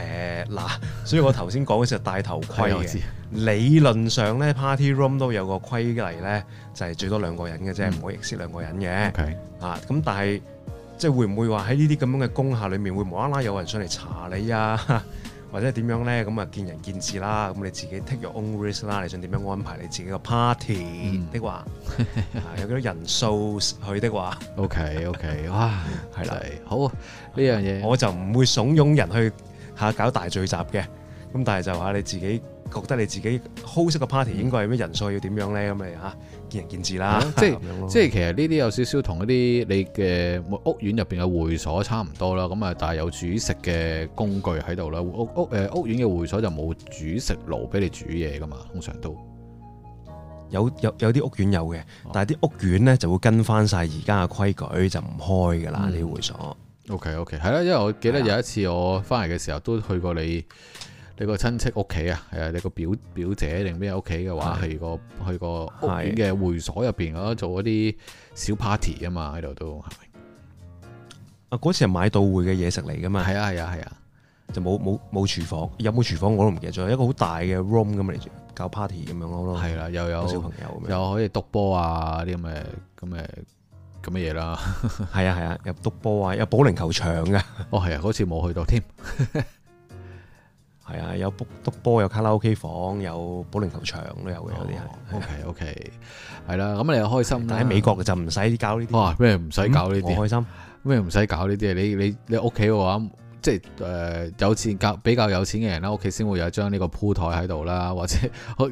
誒嗱、呃，所以我頭先講嘅就戴頭盔嘅。 [LAUGHS] 理論上咧，party room 都有個規例咧，就係、是、最多兩個人嘅啫，唔可以涉兩個人嘅。okay 啊，咁但係即係會唔會話喺呢啲咁樣嘅工廈裏面，會無啦啦有人上嚟查你啊？或者點樣咧？咁啊見仁見智啦。咁你自己 take your own risk 啦。你想點樣安排你自己個 party、嗯、的話， [LAUGHS] 啊、有幾多人數去的話？OK OK，哇，係 [LAUGHS] 啦，好呢、啊、樣嘢，我就唔會慫恿人去嚇、啊、搞大聚集嘅。咁但係就話你自己覺得你自己 host 個 party、嗯、應該係咩人數要點樣咧？咁你嚇。見仁見智啦，即係 [LAUGHS] 即係，其實呢啲有少少同一啲你嘅屋苑入邊嘅會所差唔多啦，咁啊，但係有煮食嘅工具喺度啦，屋屋誒屋苑嘅會所就冇煮食爐俾你煮嘢噶嘛，通常都有有有啲屋苑有嘅，但係啲屋苑咧就會跟翻晒而家嘅規矩，就唔開噶啦呢啲會所。OK，OK，係啦，因為我記得有一次我翻嚟嘅時候都去過你。你個親戚屋企啊，係啊，你個表表姐定邊屋企嘅話，係的個去個屋嘅會所入邊的做嗰啲小 party 啊嘛，喺度都係咪？啊，嗰次係買到會嘅嘢食嚟噶嘛？係啊係啊係啊，是是就冇冇冇廚房，有冇廚房我都唔記得咗，有一個好大嘅 room 咁嚟搞 party 咁樣咯。係啦，又有，有小朋友，又可以督波啊啲咁嘅咁嘅咁嘅嘢啦。係啊係啊，入督波啊，有保齡球場㗎。 [LAUGHS] 哦係啊，嗰次冇去到添。 [LAUGHS] 係啊，有卜篤波，有卡拉 OK 房，有保齡球場都有嘅，有啲係。O K O K，係啦，咁你又開心，喺美國就唔使搞呢啲。哇、啊！咩唔使搞呢啲、嗯？我開心。咩唔使搞呢啲啊？你你你屋企嘅話，即係誒、呃、有錢較比較有錢嘅人啦，屋企先會有一張呢個鋪台喺度啦，或者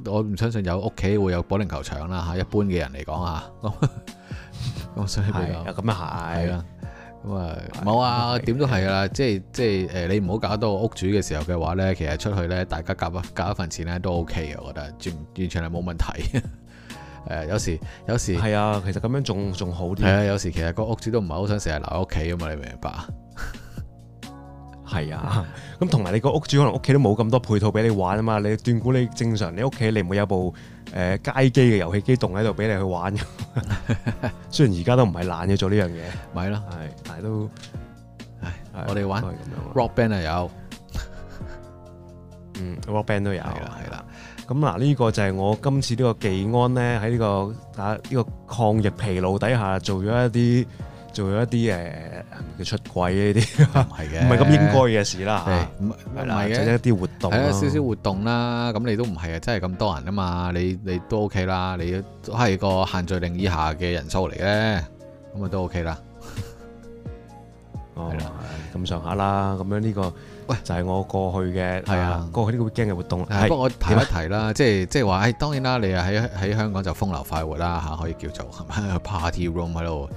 我唔相信有屋企會有保齡球場啦嚇。一般嘅人嚟講嚇，咁咁所以係啊咁啊，冇啊哇，點的都係啦的，即係即係誒，你唔好搞到屋主嘅時候嘅話咧，其實出去咧，大家夾一夾一份錢咧都 OK 嘅，我覺得完完全係冇問題。誒， [LAUGHS] 有時有時係啊，其實咁樣仲仲好啲。係啊，有時其實個屋主都唔係好想成日留喺屋企啊嘛，你明唔明白？係 [LAUGHS] 啊，咁同埋你個屋主可能屋企都冇咁多配套俾你玩啊嘛，你斷估你正常你屋企你唔會有部。誒，街機嘅遊戲機動喺度俾你去玩。雖然而家都唔係懶嘅做呢樣嘢，咪咯的，係，但係都，唉，的我哋玩，Rock band 係有， [LAUGHS] 嗯，Rock band 都有，係啦，咁嗱，呢的個就係我今次呢個技安咧喺呢個打呢、這個抗疫疲勞底下做咗一啲。做咗一啲誒嘅出軌呢啲唔係嘅，唔係咁應該嘅事啦嚇，唔係嘅一啲活動，係有少少活動啦。咁你都唔係啊，真係咁多人啊嘛，你你都 OK 啦，你都係個限聚令以下嘅人數嚟嘅，咁啊都 OK 啦。係啦，咁上下啦，咁樣呢個喂就係我過去嘅係啊，過去呢個星期嘅活動。不過我提一提啦，即係即係話，當然啦，你啊喺喺香港就風流快活啦嚇，可以叫做 Party Room 喺度。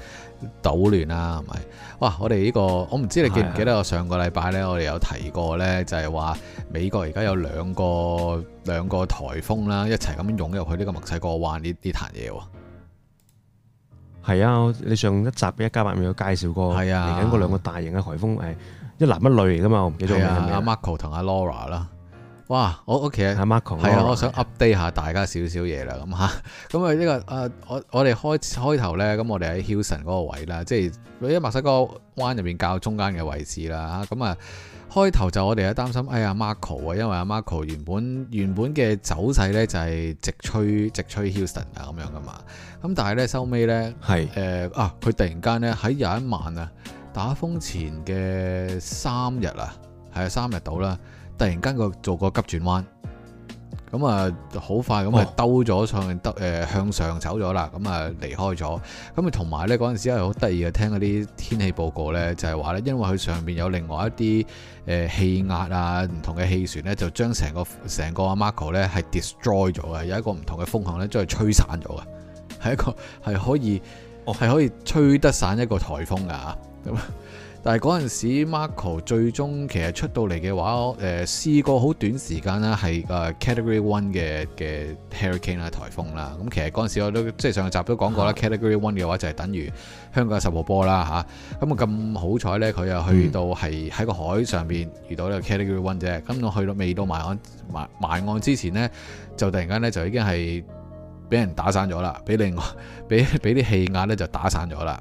搗亂啦，係咪？哇！我哋呢、這個，我唔知你記唔記得我上個禮拜呢，是啊、我哋有提過呢，就係話美國而家有兩個兩個颱風啦，一齊咁樣湧入去呢個墨西哥灣呢啲壇嘢喎。係、這個、啊，你上一集一家852有介紹過嚟緊嗰兩個大型嘅颱風，係是、啊、一男一女嚟㗎嘛，我唔記得咗係啊，Marco 同阿 Laura 啦。哇！我屋企阿 Marco，係啊、這個、啊，我想 update 下大家少少嘢啦。咁嚇，咁啊呢個誒，我我哋開開頭咧，咁我哋喺 Houston 嗰個位啦，即係喺墨西哥灣入邊較中間嘅位置啦。咁啊開頭就我哋係擔心，哎呀 Marco 啊，因為、啊、Marco 原本原本嘅走勢咧就係、是、直吹直吹 Houston 啊咁樣噶嘛。咁但係咧收尾咧係誒啊，佢突然間咧喺有一晚啊打風前嘅三日啊係啊三日到啦。突然間個做個急轉彎，咁啊好快咁啊兜咗上去，得誒、oh. 向上走咗啦，咁啊離開咗。咁啊同埋咧嗰陣時係好得意嘅，聽嗰啲天氣報告咧就係話咧，因為佢上邊有另外一啲誒氣壓啊，唔同嘅氣旋咧就將成個成個阿 Marco 咧係 destroy 咗嘅，有一個唔同嘅風向咧將佢吹散咗嘅，係一個係可以係、oh. 可以吹得散一個颱風噶啊。但係嗰陣時，Marco 最終其實出到嚟嘅話，誒、呃、試過好短時間啦，係 Category One 嘅嘅 Hurricane 啦，颱風啦。咁其實嗰陣時我都即係上一集都講過啦、啊、Category One 嘅話就係等於香港嘅十號波啦嚇，咁啊，咁好彩呢，佢、啊、又去到係喺個海上面遇到呢個 Category One 啫。咁我去到未到埋岸埋埋岸之前呢，就突然間呢，就已經係俾人打散咗啦，俾另外俾俾啲氣壓呢就打散咗啦。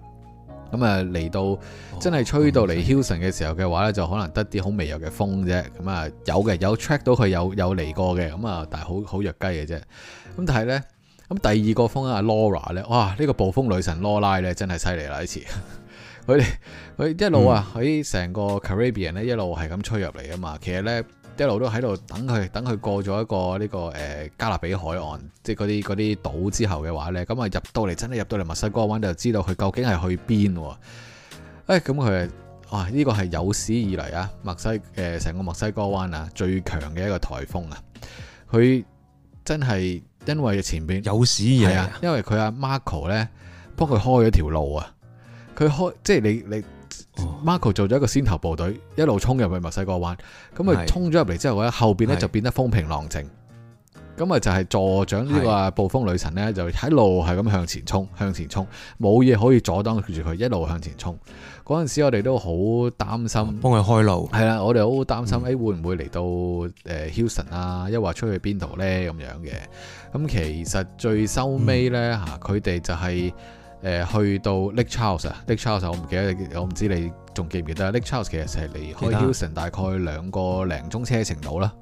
咁啊，嚟到、哦、真係吹到嚟 Hilson 嘅時候嘅話呢，嗯、就可能得啲好微弱嘅風啫。咁啊，有嘅有 check 到佢有有嚟過嘅。咁啊，但係好好弱雞嘅啫。咁但係呢，咁第二個風啊 Laura 呢，哇！呢、這個暴風女神 Laura 呢，真係犀利啦！呢次佢哋佢一路啊喺成個 Caribbean 呢，一路係咁吹入嚟啊嘛。其實呢。一路都喺度等佢，等佢過咗一個呢、這個誒、呃、加勒比海岸，即係嗰啲嗰啲島之後嘅話呢，咁啊入到嚟，真係入到嚟墨西哥灣，就知道佢究竟係去邊喎？誒咁佢啊呢、這個係有史以嚟啊墨西哥成、呃、個墨西哥灣啊最強嘅一個颱風啊！佢真係因為前邊有史以嚟啊，因為佢阿、啊、Marco 呢，幫佢開咗條路啊，佢開即係你你。你哦、Marco 做咗一個先頭部隊，一路衝入去墨西哥灣，咁佢衝咗入嚟之後咧，是的 後邊咧就變得風平浪靜，咁啊是的 就係助長呢個暴風女神咧，就一路係咁向前衝，向前衝，冇嘢可以阻擋住佢，一路向前衝。嗰陣時我哋都好擔心，幫佢開路。係啦，我哋好擔心，誒會唔會嚟到誒 Houston 啊？一話、嗯、出去邊度咧？咁樣嘅，咁其實最收尾咧吓，佢哋、嗯、就係、是。誒去到 Lake Charles 啊，Lake Charles 我唔記得，我唔知你仲記唔記，記得啊。Lake Charles 其實係離開 Houston 大概兩個零鐘車程度啦，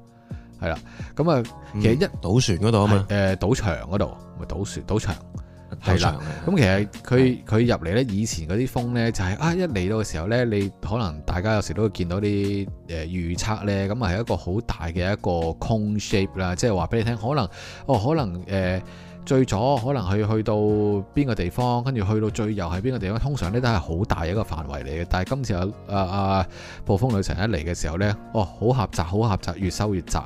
係啦。咁啊、呃嗯，其實一賭船嗰度啊嘛，誒賭場嗰度咪賭船賭場，係啦。咁其實佢佢入嚟咧，以前嗰啲風咧就係、是、的啊，一嚟到嘅時候咧，你可能大家有時都會見到啲誒預測咧，咁係一個好大嘅一個 cone shape 啦，即係話俾你聽，可能哦，可能誒。呃最左可能去去到邊個地方，跟住去到最右係邊個地方，通常呢都係好大一個範圍嚟嘅。但係今次啊啊啊暴風女神一嚟嘅時候呢，哦好狹窄，好狹窄，越收越窄。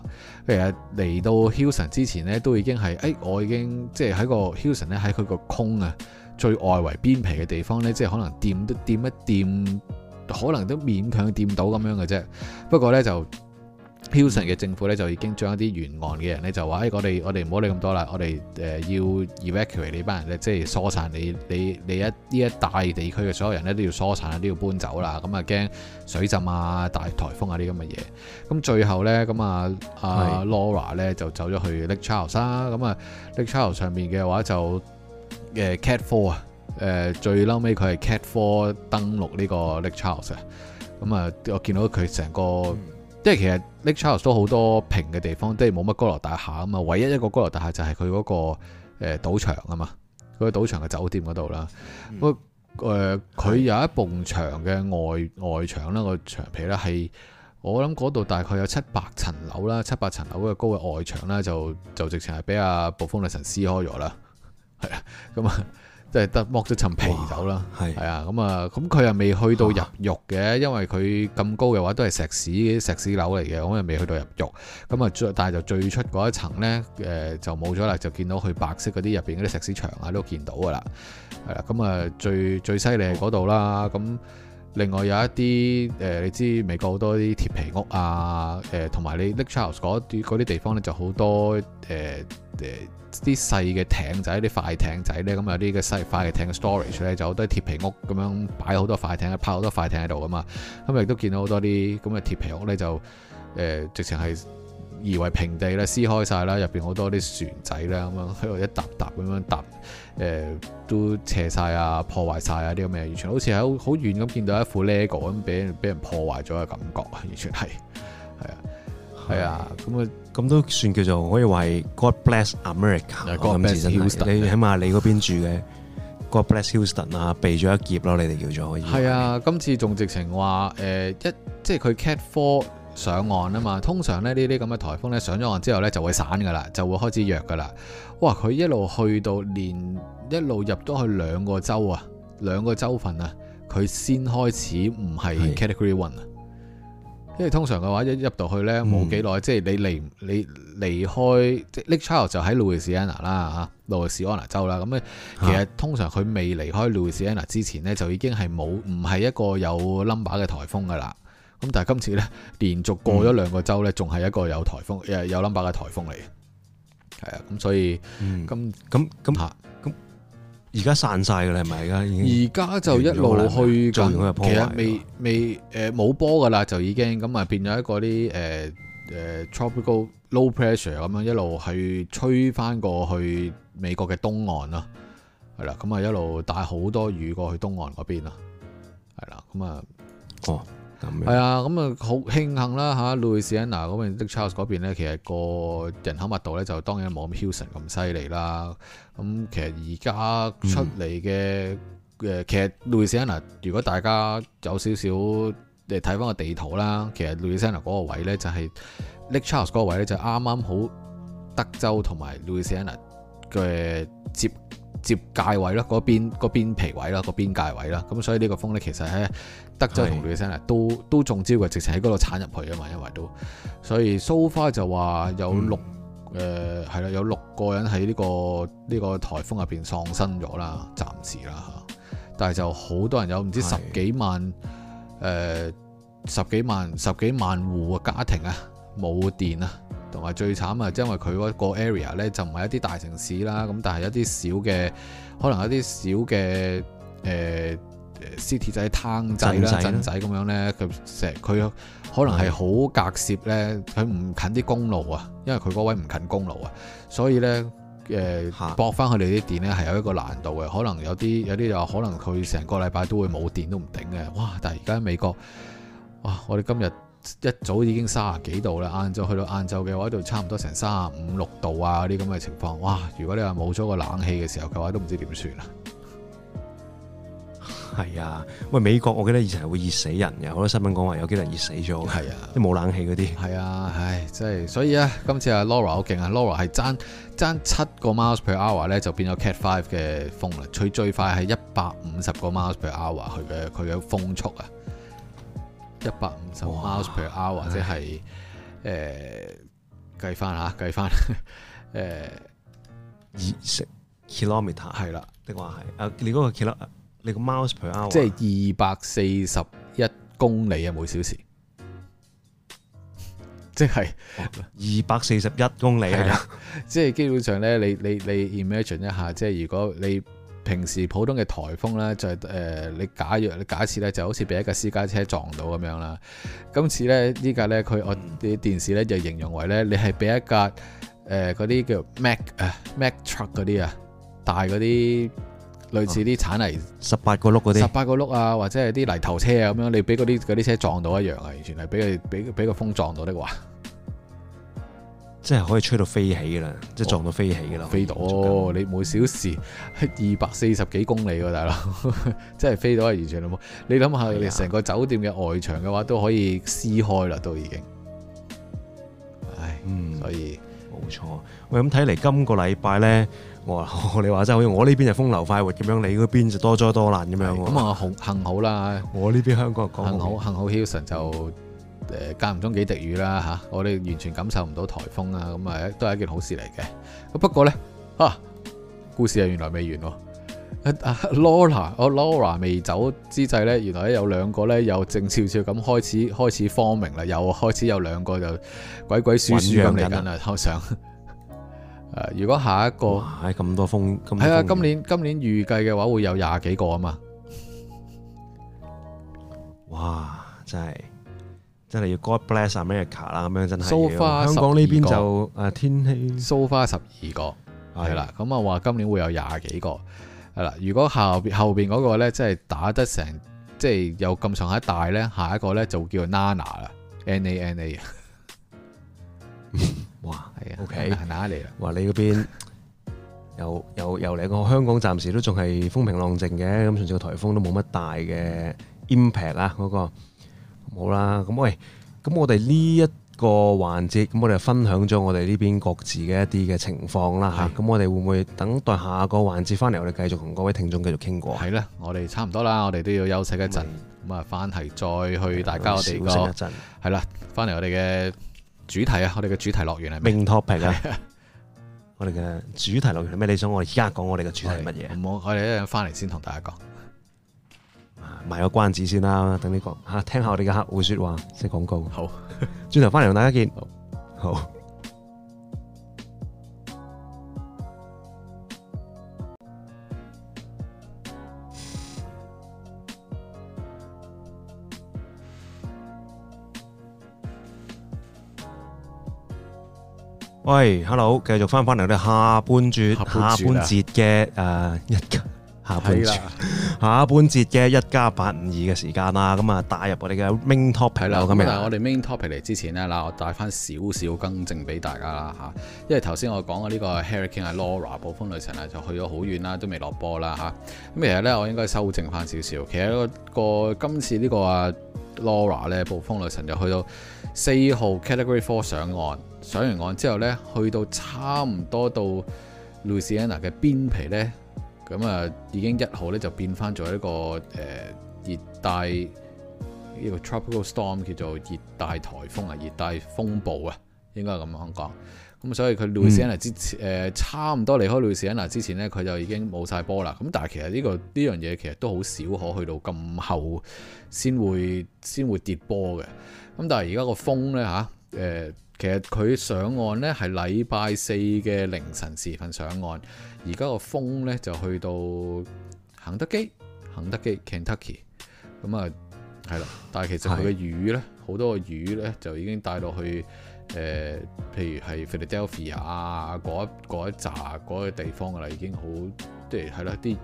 其實嚟到 Houston 之前呢，都已經係誒、哎，我已經即係喺個 Houston 咧喺佢個空啊最外圍邊皮嘅地方呢，即係可能掂都掂一掂，可能都勉強掂到咁樣嘅啫。不過呢，就。Pilson 嘅政府咧就已經將一啲沿岸嘅人咧就話，誒、哎，我哋我哋唔好理咁多啦，我哋誒要、呃、要 evacuate 你班人，即係疏散你你你一呢一大地區嘅所有人咧都要疏散啦，都要搬走啦。咁啊驚水浸啊，大颱風啊啲咁嘅嘢。咁、嗯、最後咧，咁啊阿是 Laura 咧就走咗去 Lake Charles 啦。咁啊 Lake Charles 上面嘅話就誒、呃、Cat Four 啊、呃，誒最嬲尾佢係 Cat Four 登陸呢個 Lake Charles 啊。咁啊，我見到佢成個。嗯即係其實 Lake Charles 都好多平嘅地方，都係冇乜高樓大廈啊嘛。唯一一個高樓大廈就係佢嗰個誒賭、呃、場啊嘛，嗰個賭場嘅酒店嗰度啦。不過誒，佢有一埲牆嘅外外牆啦，個牆皮啦，係我諗嗰度大概有七八層樓啦，七八層樓嗰個高嘅外牆啦，就就直情係俾阿暴風力神撕開咗啦，係啦，咁啊～即係得剝咗層皮走啦，係啊，咁啊，咁佢又未去到入肉嘅，因為佢咁高嘅話都係石屎石屎樓嚟嘅，咁又未去到入肉，咁啊但係就最出嗰一層呢，誒就冇咗啦，就見到佢白色嗰啲入邊嗰啲石屎牆啊都見到噶啦，係啦，咁啊最最犀利嗰度啦，咁另外有一啲誒你知美國好多啲鐵皮屋啊，誒同埋你 Nicholas 嗰啲地方呢就好多誒誒。呃啲細嘅艇仔，啲快艇仔咧，咁有啲個細快嘅艇嘅 storage 咧，就好多鐵皮屋咁樣擺好多快艇，泊好多快艇喺度啊嘛。咁亦都見到好多啲咁嘅鐵皮屋咧，就誒直情係夷為平地啦，撕開晒啦，入邊好多啲船仔啦，咁樣喺度一揼揼咁樣揼，誒都斜晒啊，破壞晒啊啲咁嘅，完全好似喺好遠咁見到一副 lego 咁俾俾人破壞咗嘅感覺，完全係係啊。係啊，咁啊，咁都算叫做可以話係 God bless America。你起碼你嗰邊住嘅 [LAUGHS] God bless Houston 啊，避咗一劫咯，你哋叫做可以。係啊，今次仲直情話誒，一即係佢 Cat Four 上岸啊嘛。通常咧呢啲咁嘅台風咧上咗岸之後咧就會散噶啦，就會開始弱噶啦。哇，佢一路去到連一路入咗去兩個州啊，兩個州份啊，佢先開始唔係 Category One 啊。因為通常嘅話，一入到去呢，冇幾耐，即係你離你離開即係 Lake Charles 就喺路易斯安納啦嚇，路易斯安納州啦。咁咧其實通常佢未離開路易斯安納之前呢，就已經係冇唔係一個有 number 嘅颱風噶啦。咁但係今次呢，連續過咗兩個州呢，仲係一個有，台風、嗯、有颱風有 number 嘅颱風嚟嘅。係啊，咁所以咁咁咁嚇。嗯嗯嗯而家散晒噶啦，係咪而家？而家就一路去緊，其實未未誒冇波噶啦，就已經咁啊，變咗一個啲誒誒 tropical low pressure 咁樣一路去吹翻過去美國嘅東岸啦，係啦，咁啊一路帶好多雨過去東岸嗰邊啦，係啦，咁啊哦。係啊，咁啊好慶幸啦嚇、啊、Louisiana 嗰邊，Lake Charles 嗰邊咧，其實個人口密度咧就當然冇 Houston 咁犀利啦。咁、啊、其實而家出嚟嘅，誒、嗯呃、其實 Louisiana，如果大家有少少你睇翻個地圖啦，其實 Louisiana 嗰個位咧就係 Lake Charles 嗰個位咧就啱啱好德州同埋 Louisiana 嘅、呃、接。接界位咯，嗰邊嗰邊皮位咯，嗰邊界位啦，咁所以呢個風呢，其實喺德州同洛杉納都都中招嘅，直情喺嗰度鏟入去啊嘛，因為都所以 so far 就話有六誒係啦，有六個人喺呢、呢個呢、呢個颱風入邊喪生咗啦，暫時啦嚇，但係就好多人有唔知十幾萬誒是的、呃、十幾萬十幾萬戶嘅家庭啊冇電啊！同埋最慘啊，因為佢嗰個 area 咧就唔係一啲大城市啦，咁但係一啲小嘅，可能一啲小嘅誒 city 仔、town 仔啦、鎮仔咁樣咧，佢成日佢可能係好隔涉咧，佢唔近啲公路啊，因為佢嗰位唔近公路啊，所以咧誒駁翻佢哋啲電咧係有一個難度嘅，可能有啲有啲就可能佢成個禮拜都會冇電都唔頂嘅，哇！但係而家喺美國哇、啊，我哋今日。一早已經三十幾度啦，晏晝去到晏晝嘅話，度差唔多成三啊五六度啊，啲咁嘅情況，哇！如果你話冇咗個冷氣嘅時候嘅話，都唔知點算啊。係啊，喂，美國我記得以前係會熱死人嘅，好多新聞講話有幾多人熱死咗嘅，係啊，都冇冷氣嗰啲，係啊，唉，真係，所以啊，今次阿 Laura 好勁啊，Laura 係爭爭七個 miles per hour 咧就變咗 Cat five 嘅風啦，佢最快係一百五十個 miles per hour 佢嘅佢嘅風速啊。Ph, 的呃、一百五十 miles per hour 或者係誒計翻吓計翻誒，二升 kilometer 係啦，的你話係誒你嗰個 kil，你個 miles per hour 即係二百四十一公里啊每小時，即係二百四十一公里係即係基本上咧，你你你 imagine 一下，即係如果你。平時普通嘅颱風咧、就是，就係誒你假若你假設咧，就好似俾一架私家車撞到咁樣啦。今次咧，依家咧佢我啲電視咧就形容為咧，你係俾一架誒嗰啲叫 Mac 啊、呃、Mac Truck 嗰啲啊，大嗰啲類似啲鏟泥十八、哦、個轆嗰啲十八個轆啊，或者係啲泥頭車啊咁樣，你俾嗰啲啲車撞到一樣啊，完全係俾佢俾俾個風撞到的話。真係可以吹到飛起㗎啦，哦、即係撞到飛起㗎啦，哦、飛到你每小時二百四十幾公里喎，大佬， [LAUGHS] 真係飛到係完全冇。你諗下，成個酒店嘅外牆嘅話，都可以撕開啦，都已經。唉、哎，嗯、所以冇錯。喂，咁睇嚟今個禮拜咧，我話你話真係我呢邊就風流快活咁樣，你嗰邊就多災多難咁樣咁啊，幸好啦，我呢邊香港，港幸好幸好 Hilson 就。誒，間唔中幾滴雨啦吓，我哋完全感受唔到台風啊，咁啊都係一件好事嚟嘅。不過咧，啊，故事啊原來未完哦。Laura，哦，Laura 未走之際咧，原來有兩個咧又靜悄悄咁開始開始荒明啦，又開始有兩個就鬼鬼祟祟咁嚟緊啊，我想。誒、啊，如果下一個喺咁多風，係啊，今年今年預計嘅話會有廿幾個啊嘛。哇，真係！真係要 God bless America 啦，咁樣真係。so far，香港呢邊就啊天氣 so far，十二個係啦，咁啊話今年會有廿幾個係啦。如果後面後邊嗰個咧，即係打得成，即係有咁上下大咧，下一個咧就叫做 Nana 啦，N, ana, N A N A 啊。 [LAUGHS] 哇，係啊，O K，哪嚟啦？話 Okay, [LAUGHS] 你嗰邊又又又嚟個？香港暫時都仲係風平浪靜嘅，咁上次個颱風都冇乜大嘅 impact 啦，嗰個。好啦，咁喂，咁我哋呢一個環節，咁我哋分享咗我哋呢邊各自嘅一啲嘅情況啦吓，咁的我哋會唔會等待下個環節翻嚟，我哋繼續同各位聽眾繼續傾過？係啦，我哋差唔多啦，我哋都要休息一陣，咁啊翻嚟再去大家我哋休息一陣。係啦，翻嚟我哋嘅主題啊，我哋嘅主題樂園係咩 topic？我哋嘅主題樂園係咩？你想我哋而家講我哋嘅主題係乜嘢？好，好，我哋一樣翻嚟先同大家講。埋個關子先啦，等你講吓，聽下我哋嘅客戶説話，即係廣告。好，轉頭返嚟同大家見。好，好。喂，Hello，繼續返返嚟我哋下半節，下半節嘅誒一下半節嘅一加八五二嘅時間啦，咁啊帶入我哋嘅 main topic 啦。咁啊但係我哋 main topic 嚟之前呢，嗱我帶翻少少更正俾大家啦嚇，因為頭先我講嘅呢個 Hurricane Laura 暴風旅程咧就去咗好遠啦，都未落波啦嚇。咁其實咧我應該修正翻少少，其實個今次呢個 Laura 咧暴風旅程就去到四號 Category Four 上岸，上完岸之後咧去到差唔多到 Louisiana 嘅邊皮咧。咁啊、嗯，已經一號咧就變翻咗一個誒熱帶呢個 tropical storm 叫做熱帶颱風啊，熱帶風暴啊，應該係咁樣講。咁、嗯嗯、所以佢路斯安娜之前、呃、差唔多離開路斯安娜之前呢，佢就已經冇晒波啦。咁但係其實呢、這個呢樣嘢其實都好少可去到咁後先會先會跌波嘅。咁但係而家個風呢，吓、啊呃，其實佢上岸呢，係禮拜四嘅凌晨時分上岸。而家個風咧就去到肯德基，肯德基 Kentucky，咁啊係啦，但係其實佢嘅雨咧好多個雨咧就已經帶到去誒、呃，譬如係 Philadelphia 啊嗰一嗰一紮嗰、嗰個地方噶啦，已經好即係係啦，啲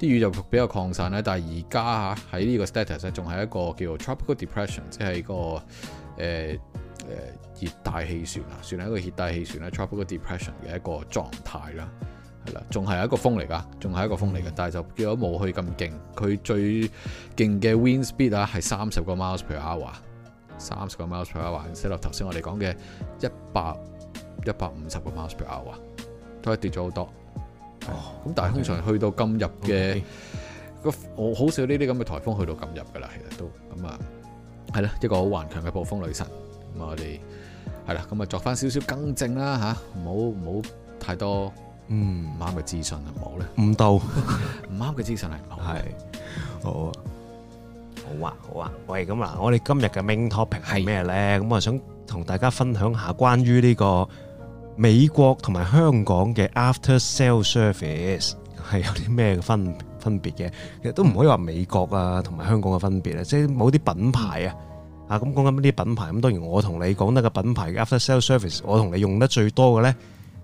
啲雨就比較擴散咧。但係而家嚇喺呢個 status 咧，仲係一個叫做 tropical depression，即係個誒誒熱帶氣旋啊，算係一個熱帶氣旋啦 tropical depression 嘅一個狀態啦。仲係一個風嚟噶，仲係一個風嚟噶，但係就叫咗冇去咁勁。佢最勁嘅 wind speed 啊，係三十個 mile per hour，三十個 mile per hour，即係頭先我哋講嘅一百一百五十個 mile per hour，都係跌咗好多。咁但係通常去到今日嘅，個、哦、我好少呢啲咁嘅颱風去到咁入噶啦，其實都咁啊，係啦，一個好頑強嘅暴風女神。咁啊，我哋係啦，咁啊作翻少少更正啦吓，唔好唔好太多。嗯，唔啱嘅資訊啊，冇咧，唔到，唔啱嘅資訊係冇，係好啊，好啊，好啊，喂，咁嗱，我哋今日嘅 main topic 係咩咧？咁我想同大家分享下關於呢個美國同埋香港嘅 after sales service 係有啲咩嘅分分別嘅。其實都唔可以話美國啊同埋香港嘅分別咧，即係某啲品牌啊，啊咁講緊啲品牌。咁當然我同你講得嘅品牌嘅 after sales service，我同你用得最多嘅咧。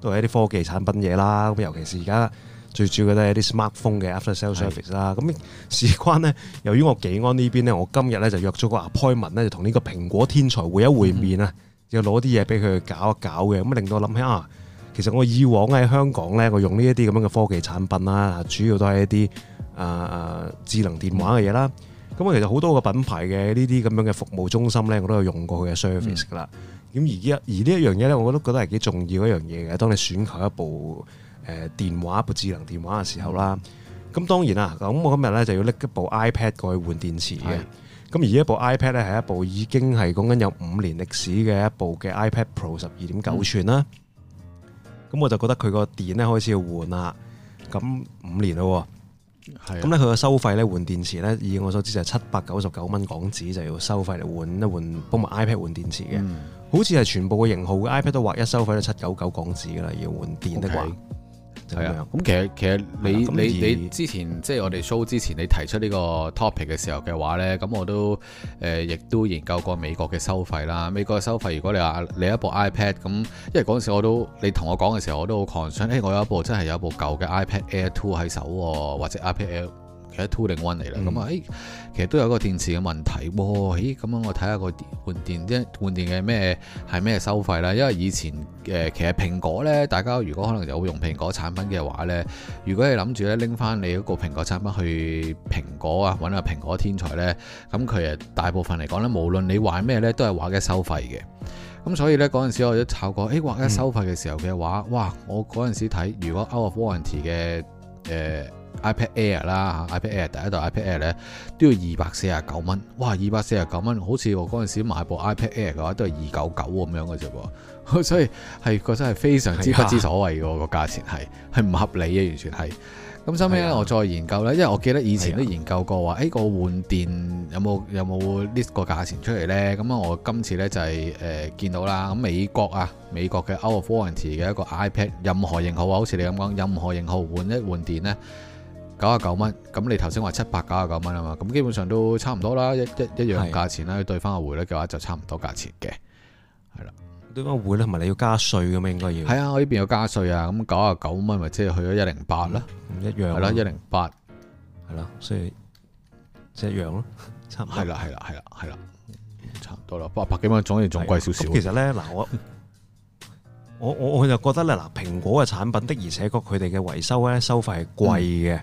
都係一啲科技產品嘢啦，咁尤其是而家最主要都係一啲 smartphone 嘅 after sales service 啦的。咁事關呢，由於我幾安呢邊呢，我今日呢就約咗個 appointment 呢，就同呢個蘋果天才會一會面啊，要攞啲嘢俾佢搞一搞嘅，咁令到我諗起啊，其實我以往喺香港呢，我用呢一啲咁樣嘅科技產品啦，主要都係一啲啊啊智能電話嘅嘢啦。咁、嗯、哼其實好多個品牌嘅呢啲咁樣嘅服務中心呢，我都有用過佢嘅 service 㗎喇、嗯。咁而呢一而呢一樣嘢咧，我都覺得係幾重要一樣嘢嘅。當你選購一部誒電話，一部智能電話嘅時候啦，咁、嗯、當然啦。咁我今日咧就要拎一部 iPad 過去換電池嘅。咁是的 而一部 iPad 咧係一部已經係講緊有五年歷史嘅一部嘅 iPad Pro 十二點九吋啦。咁、嗯、我就覺得佢個電咧開始要換啦。咁五年咯，係。咁咧佢個收費咧換電池咧，以我所知就係七百九十九蚊港紙就要收費嚟換一換，換，換，幫埋 iPad 換電池嘅。嗯好似係全部嘅型號嘅 iPad 都劃一收費，都七九九港紙噶啦。要換電的話，係啊 Okay. 樣。咁其實其實你你你之前即係、就是、我哋 show 之前，你提出呢個 topic 嘅時候嘅話呢，咁我都誒亦都研究過美國嘅收費啦。美國嘅收費，如果你話你有一部 iPad 咁，因為嗰陣時我都你同我講嘅時候，我都好 concern，我有一部真係有一部舊嘅 iPad Air Two 喺手，或者 iPad Air。其實 Two 零 One 嚟啦，咁啊、嗯，其實都有一個電池嘅問題。咦，咁樣我睇下個換電即係換電嘅咩係咩收費啦？因為以前誒其實蘋果咧，大家如果可能就會用蘋果產品嘅話咧，如果你諗住咧拎翻你嗰個蘋果產品去蘋果啊揾個蘋果天才咧，咁佢誒大部分嚟講咧，無論你玩咩咧，都係劃一收費嘅。咁所以咧嗰陣時我都炒過誒劃一收費嘅時候嘅、哎、話、嗯、哇！我嗰陣時睇如果 out of warranty 嘅誒。呃 iPad Air 啦，iPad Air 第一代 iPad Air 咧都要二百四十九蚊，哇，二百四十九蚊，好似我嗰陣時買部 iPad Air 嘅話都係二九九咁樣嘅啫喎，所以係覺得係非常之不知所謂嘅個價錢係，係唔合理嘅完全係。咁收尾咧我再研究咧，是啊、因為我記得以前都研究過話，誒個換電有冇有冇 list 個價錢出嚟咧？咁啊我今次咧就係、是、誒、呃、見到啦，咁美國啊美國嘅 out of warranty 嘅一個 iPad 任何型號啊，好似你咁講任何型號換一換電咧。九啊九蚊，咁你頭先話七百九啊九蚊啊嘛，咁基本上都差唔多啦，一一一樣價錢啦，對翻個匯率嘅話就差唔多價錢嘅，係啦。點解匯率同埋你要加稅咁啊，應該要。係啊，我呢邊有加稅啊，咁九啊九蚊或者去咗一零八啦，唔一樣係啦，一零八係啦，所以即一樣咯，差唔係啦，係啦，係啦，係啦，差唔多啦，八百幾蚊總要仲貴少少。其實咧，嗱我我我我就覺得咧，嗱蘋果嘅產品的而且確佢哋嘅維修咧收費係貴嘅。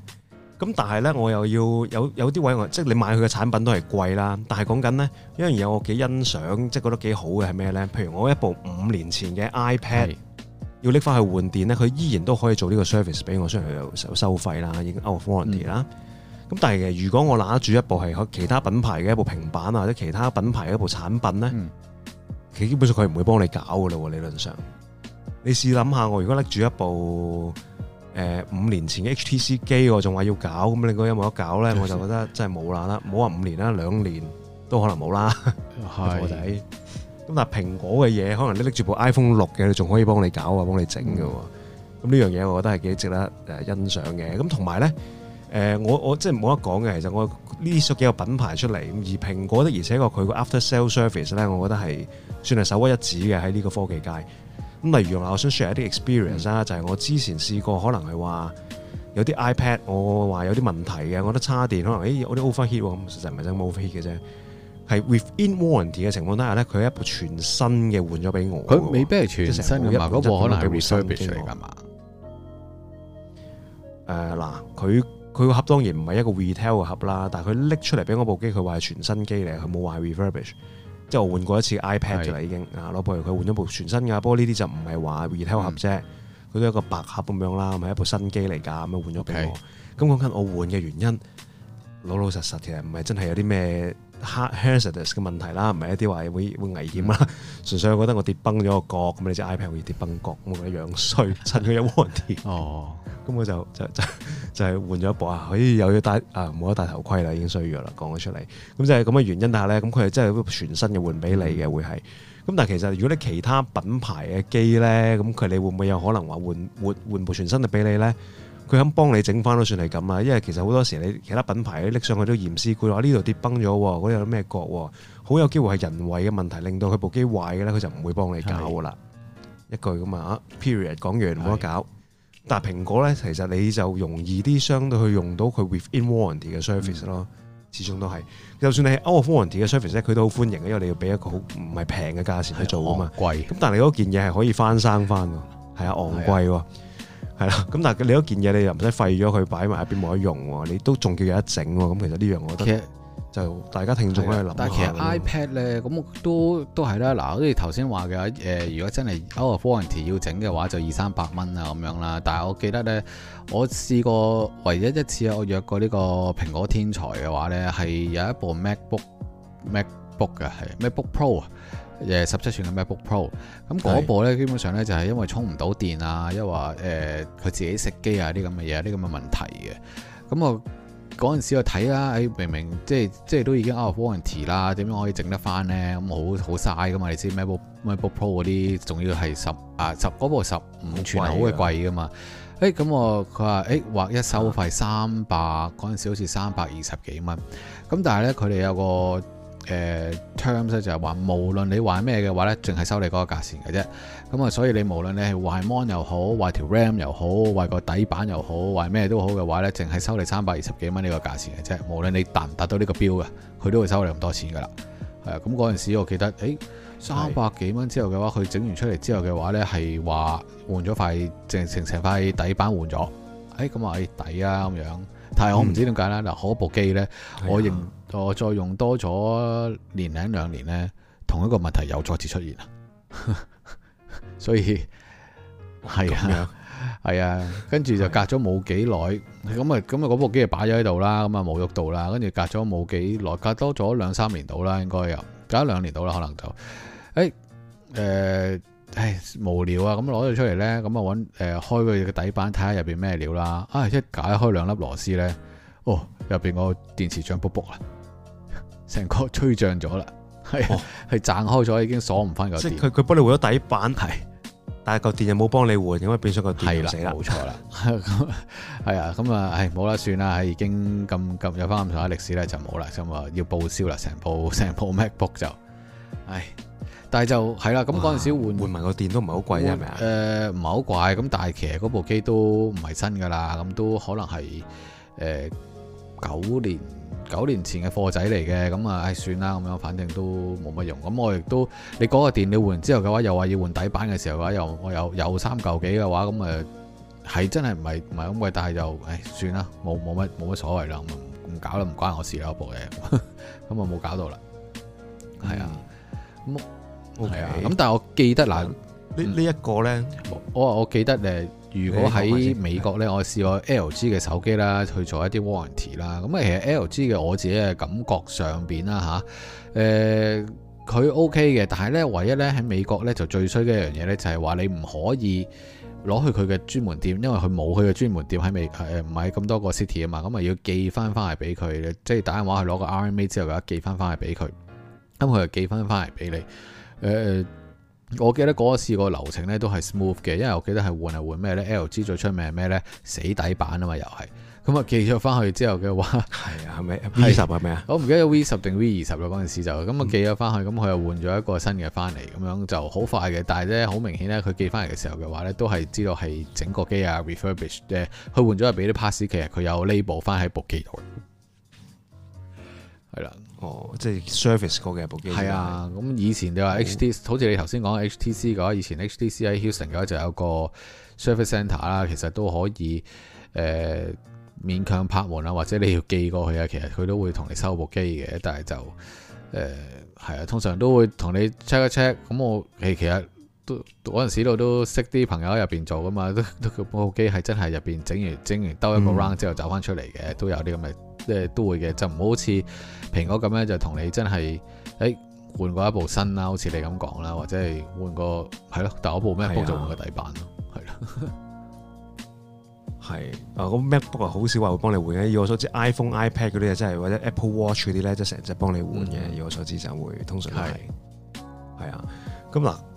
咁但係咧，我又要有有啲位我即係你買佢嘅產品都係貴啦。但係講緊呢，有一樣嘢我幾欣賞，即係覺得幾好嘅係咩咧？譬如我一部五年前嘅 iPad，要拎翻去換電咧，佢是的 依然都可以做呢個 service 俾我，雖然佢有收收費啦，已經 out warranty 啦。咁、嗯、但係如果我拿住一部係其他品牌嘅一部平板啊，或者其他品牌嘅一部產品咧，其、嗯、基本上佢唔會幫你搞噶啦。理論上，你試諗下，我如果拎住一部。誒、呃、五年前嘅 HTC 機，我仲話要搞，咁你覺有冇得搞咧？ [MUSIC] 我就覺得真係冇啦啦，唔好話五年啦，兩年都可能冇啦。我睇的。咁 [LAUGHS] 但係蘋果嘅嘢，可能你拎住部 iPhone 六嘅，你仲可以幫你搞啊，幫你整嘅。咁呢樣嘢我覺得係幾值得誒欣賞嘅。咁同埋咧，誒、呃、我我即係冇得講嘅，其實我呢啲咁幾個品牌出嚟，而蘋果咧，而且佢個 after sale service 咧，我覺得係算係首屈一指嘅喺呢個科技界。咁例如嗱，我想 share 一啲 experience 啦、嗯，就係我之前試過，可能係話有啲 iPad，我話有啲問題嘅，我覺得叉電，可能誒我啲 overheat 喎，咁實實唔係真 overheat 嘅啫。係 within warranty 嘅情況底下呢，佢係一部全新嘅換咗俾我，佢未必係全，全新嘅，唔係嗰個可能 refurbished 㗎嘛？誒嗱，佢佢個盒當然唔係一個 retail 嘅盒啦，但係佢拎出嚟俾我部機，佢話係全新機嚟，佢冇話 refurbished 即係我換過一次 iPad 咋啦已經啊。是老婆佢換咗部全新噶，不過呢啲就唔係話 retail 盒啫，佢、嗯、都有一個白盒咁樣啦，係一部新機嚟噶，咁啊換咗俾我。咁講緊我換嘅原因，老老實實其實唔係真係有啲咩 hardware 嘅問題啦，唔係一啲話會會危險啦，純、嗯、粹我覺得我跌崩咗個角，咁你隻 iPad 會跌崩角，我覺得樣衰，趁佢一鑊跌。 [LAUGHS] 哦，咁我就就。就就係換咗一部啊！哎，又要戴啊，冇得戴頭盔啦，已經衰咗啦，講咗出嚟。咁就係咁嘅原因，嗯，但係。咧，咁佢係真係全新嘅換俾你嘅，會係。咁但係其實如果你其他品牌嘅機咧，咁佢你會唔會有可能話換換部全新嘅俾你咧？佢肯幫你整翻都算係咁啦。因為其實好多時你其他品牌拎上去都嚴絲佢話呢度跌崩咗，嗰度有咩角，好有機會係人為嘅問題令到佢部機壞嘅咧，佢就唔會幫你搞噶啦。是一句咁話，啊，period 講完冇得搞。但蘋果咧，其實你就容易啲相對去用到佢 within warranty 嘅 service 咯，始終都係。就算你係 out of warranty 嘅 service 咧，佢都好歡迎嘅，因為你要俾一個好唔係平嘅價錢去做啊嘛。貴。咁但係你嗰件嘢係可以翻生翻㗎，係啊，昂貴喎，係啦。咁但係你嗰件嘢你又唔使廢咗佢擺埋一邊冇得用喎，你都仲叫有得整喎。咁其實呢樣我覺得。就大家聽眾喺度諗，但係其實 iPad 咧，咁樣都都係啦。嗱，好似頭先話嘅，誒，如果真係 Apple Warranty 要整嘅話，就二三百蚊啊咁樣啦。但係我記得咧，我試過唯一一次我約過呢個蘋果天才嘅話咧，係有一部 MacBook, MacBook MacBook 嘅係 MacBook Pro 啊、呃，誒十七寸嘅 MacBook Pro 那那。咁嗰部咧，基本上咧就係、是、因為充唔到電啊，一或誒佢自己食機啊啲咁嘅嘢，啲咁嘅問題嘅。咁我。嗰陣時去睇啦，明明即係即係都已經 out warranty 啦，點樣可以整得返呢？咁好好嘥㗎嘛，你知 MacBook Pro 嗰啲仲要係十啊十嗰部十五吋好鬼貴㗎嘛？誒、欸、咁我佢話、欸、或一收費三百、啊，嗰陣時好似三百二十幾蚊，咁但係呢佢哋有個。誒、uh, terms 就係話，無論你壞咩嘅話呢，淨係收你嗰個價錢嘅啫。咁啊，所以你無論你係壞 mon 又好，壞條 ram 又好，壞個底板又好，壞咩都好嘅話呢，淨係收你三百二十幾蚊呢個價錢嘅啫。無論你達唔達到呢個標嘅，佢都會收你咁多錢㗎喇。係啊，咁嗰陣時我記得，誒三百幾蚊之後嘅話，佢整完出嚟之後嘅話呢係話換咗塊成成成塊底板換咗。誒咁啊，抵啊咁樣。但係我唔知點解啦。嗱、嗯，嗰部機呢，哎、呀我認。我再用多咗年零兩年咧，同一個問題又再次出現啦， [LAUGHS] 所以係、哦、啊，係樣啊，跟住就隔咗冇幾耐，咁啊的，咁啊，嗰部機就擺咗喺度啦，咁啊冇喐到啦，跟住隔咗冇幾耐，隔多咗兩三年到啦，應該又隔咗兩年到啦，可能就誒誒、哎呃，唉無聊啊，咁攞咗出嚟咧，咁啊揾誒開佢嘅底板，睇下入邊咩料啦，啊，啊、哎、一解開兩粒螺絲咧，哦入邊個電池漲卜卜啊！成個吹脹咗啦，係，係掟開咗，已經鎖唔翻個電。即係佢佢幫你換咗底板係，但係個電又冇幫你換，因為變咗個電死啦，冇錯啦。係啊，咁 [LAUGHS] 啊，唉，冇、哎、啦，了算啦，係已經咁咁有翻咁上下歷史咧，就冇啦。咁、哎、啊，要報銷啦，成部成部 MacBook 就，唉、呃，但係就係啦。咁嗰陣時換換埋個電都唔係好貴啊，係咪啊？誒，唔係好貴，咁但係其實嗰部機都唔係新噶啦，咁都可能係誒九年。九年前嘅貨仔嚟嘅，咁啊，唉，算啦，咁樣，反正都冇乜用。咁我亦都，你嗰個電腦你換完之後嘅話，又話要換底板嘅時候嘅話，又我又又三嚿幾嘅話，咁誒，係真係唔係唔係咁貴，但係就，唉，算啦，冇冇乜冇乜所謂啦，唔搞啦，唔關我事啦，部嘢，咁我冇搞到啦，係、嗯、啊，咁 okay, 啊，咁但係我記得嗱，這個嗯、呢呢一個咧，我我記得誒。如果喺美國呢，我試過 LG 嘅手機啦，去做一啲 warranty 啦。咁啊，其實 LG 嘅我自己嘅感覺上邊啦吓，誒、呃、佢 OK 嘅，但係呢，唯一呢喺美國呢，就最衰嘅一樣嘢呢，就係話你唔可以攞去佢嘅專門店，因為佢冇佢嘅專門店喺美誒唔係咁多個 city 啊嘛，咁啊要寄翻翻嚟俾佢，即係打電話去攞個 RMA 之後又寄翻翻嚟俾佢，咁佢就寄翻翻嚟俾你，誒、呃。我記得嗰一次個流程咧都係 smooth 嘅，因為我記得係換係換咩咧？LG 最出名係咩咧？死底板啊嘛，又係咁啊寄咗翻去之後嘅話，係啊，係咪是 V 十係咩？啊？我唔記得 V 十定 V 二十啦，嗰陣時就咁啊寄咗翻去，咁佢又換咗一個新嘅翻嚟，咁樣就好快嘅。但係咧好明顯咧，佢寄翻嚟嘅時候嘅話咧，都係知道係整個機啊 refurbished，佢換咗係俾啲 parts 其實佢有 label 翻喺部機度嘅。係啦。哦，即、就、係、是、service 過嘅部機係啊，咁以前你話 HTC、哦、好似你頭先講 HTC 嘅話，以前 HTC 喺 Houston 嘅話就有個 service center 啦。其實都可以誒、呃、勉強拍門啊，或者你要寄過去啊，其實佢都會同你收部機嘅。但係就誒係、呃、啊，通常都會同你 check 一 check。咁我誒其實都陣時度都識啲朋友喺入邊做噶嘛，都都部機係真係入邊整完整完兜一個 round 之後走翻出嚟嘅，嗯、都有啲咁嘅。即係都會嘅，就唔好好似蘋果咁咧，就同你真係誒、欸、換過一部新啦，好似你咁講啦，或者係換過係咯，但係我一部 MacBook 就換個底板咯，係啦，係啊，咁的 [LAUGHS] MacBook 好少話會幫你換嘅，以我所知 iPhone、iPad 嗰啲嘢真係或者 Apple Watch 嗰啲咧，即係成日即幫你換嘅，嗯、以我所知就會通常係係啊，咁嗱的。